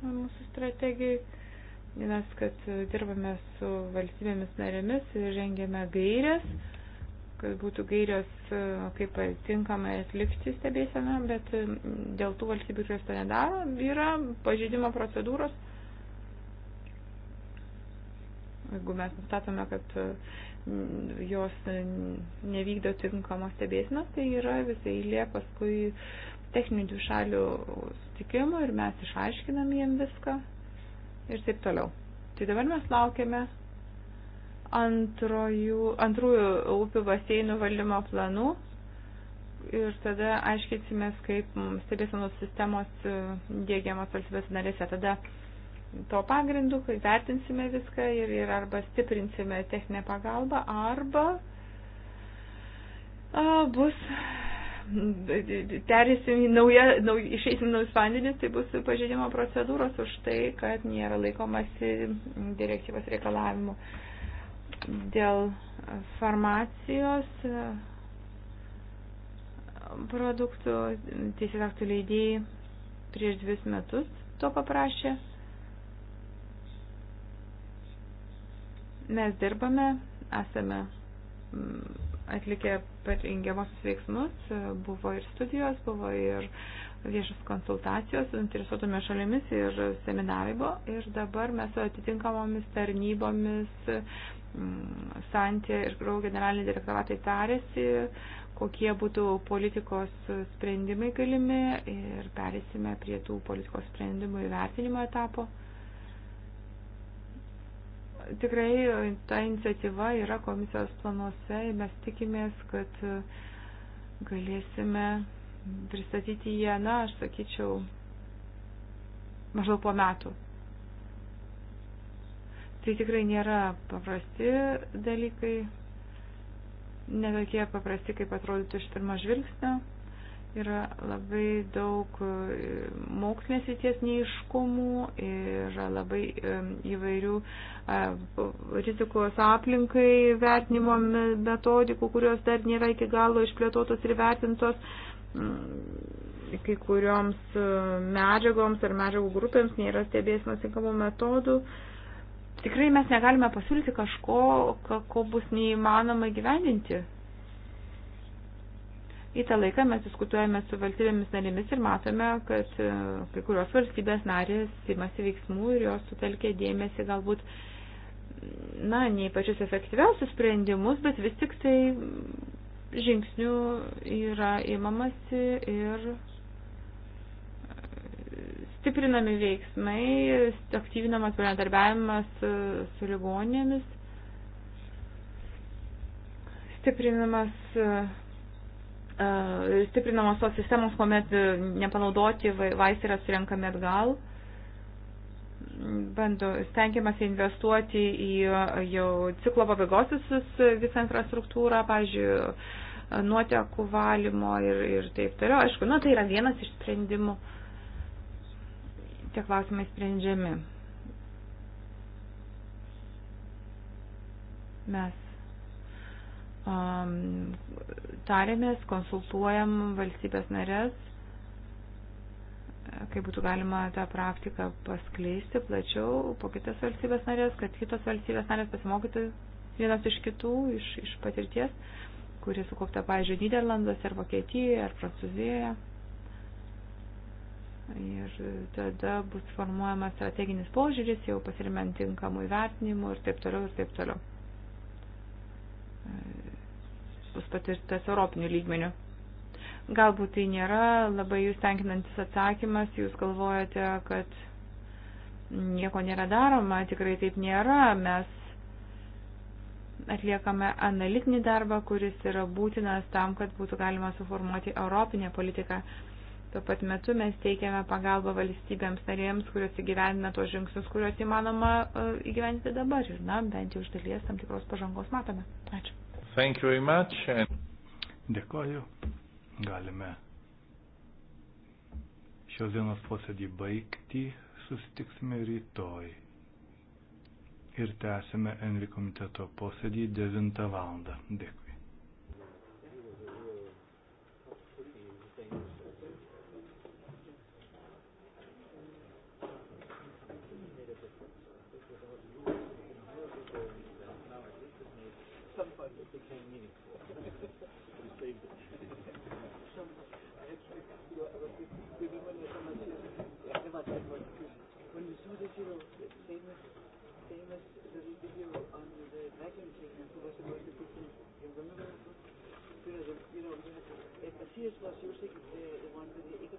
S3: mūsų strategijai Mes, kad dirbame su valstybėmis narėmis ir žengėme gairias, kad būtų gairios, e, kaip tinkamai atlikti stebėseną, bet e, dėl tų valstybių, kurios to nedaro, yra pažydimo procedūros. Jeigu mes nustatome, kad e, jos nevykdo tinkamos stebėsinos, tai yra visai eilė paskui techninių dvišalių sutikimų ir mes išaiškinam jiem viską ir taip toliau. Tai dabar mes laukiame antrojų, antrųjų upių baseinų valdymo planų ir tada aiškysimės, kaip stebėsenos sistemos e, dėgiamas valstybės narėse. Tada to pagrindu, kai vertinsime viską ir, ir arba stiprinsime techninę pagalbą, arba a, bus perėsim į naują, nau, išeisim naujus vandenis, tai bus pažeidimo procedūros už tai, kad nėra laikomasi direktyvos reikalavimų. Dėl farmacijos produktų teisės aktų leidėjai prieš dvis metus to paprašė. Mes dirbame, esame mm, atlikę parengiamosius veiksmus, buvo ir studijos, buvo ir viešas konsultacijos su interesuotomis šalimis ir seminarai buvo. Ir dabar mes su atitinkamomis tarnybomis mm, Santė ir Grau generaliniai direktoratai tarėsi, kokie būtų politikos sprendimai galimi ir perėsime prie tų politikos sprendimų įvertinimo etapo tikrai e, ta iniciatyva yra komisijos planuose ir mes tikimės, kad e, galėsime pristatyti ją, na, aš sakyčiau, maždaug po metų. Tai tikrai nėra paprasti dalykai, netokie paprasti, kaip atrodytų iš pirmo žvilgsnio. Yra labai daug e, mokslinės įties neiškumų, yra labai e, įvairių e, rizikos aplinkai vertinimo metodikų, kurios dar nėra iki galo išplėtotos ir vertintos kai kurioms medžiagoms ar medžiagų grupėms nėra stebėsimas tinkamų metodų. Tikrai mes negalime pasiūlyti kažko, ko bus neįmanoma gyvendinti į tą laiką mes diskutuojame su valstybėmis narėmis ir matome, kad e, kai kurios valstybės narės imasi veiksmų ir jos sutelkia dėmesį galbūt, na, ne į pačius efektyviausius sprendimus, bet vis tik tai žingsnių yra imamasi ir stiprinami veiksmai, aktyvinamas bendradarbiavimas e, su ligonėmis, stiprinamas e, E, stiprinamos tos sistemos, kuomet e, nepanaudoti vaistai yra surenkami atgal. Bandu, stengiamasi investuoti į jau ciklo pabaigos e, visą infrastruktūrą, pavyzdžiui, nuotekų valymo ir, ir taip toliau. Aišku, nu, tai yra vienas iš sprendimų. Tie klausimai sprendžiami. Mes um, tarėmės, konsultuojam valstybės narės, kaip būtų galima tą praktiką paskleisti plačiau po kitas valstybės narės, kad kitos valstybės narės pasimokytų vienas iš kitų, iš, iš patirties, kuri sukaupta, pavyzdžiui, Niderlanduose ar Vokietijoje ar Prancūzijoje. Ir tada bus formuojamas strateginis požiūris, jau pasirimant tinkamų įvertinimų ir taip toliau ir taip toliau bus patirtas europinių lygmenių. Galbūt tai nėra labai jūs tenkinantis atsakymas, jūs galvojate, kad nieko nėra daroma, tikrai taip nėra, mes atliekame analitinį darbą, kuris yra būtinas tam, kad būtų galima suformuoti europinę politiką. Tuo pat metu mes teikiame pagalbą valstybėms narėms, kurios įgyvendina tos žingsnius, kuriuos įmanoma e, įgyvendinti dabar. Ir, na, bent jau iš dalies tam tikros pažangos matome.
S1: Ačiū. Thank you very much. And... Dėkoju. Galime šios dienos posėdį baigti. Susitiksime rytoj. Ir tęsime Envi komiteto posėdį 9 val. Dėkui.
S4: the euro, the
S3: famous, famous the, the euro on the vacuum cleaner who was supposed to put in, you remember? Because, you know, you had to, if Matthias was using the, the one
S1: with the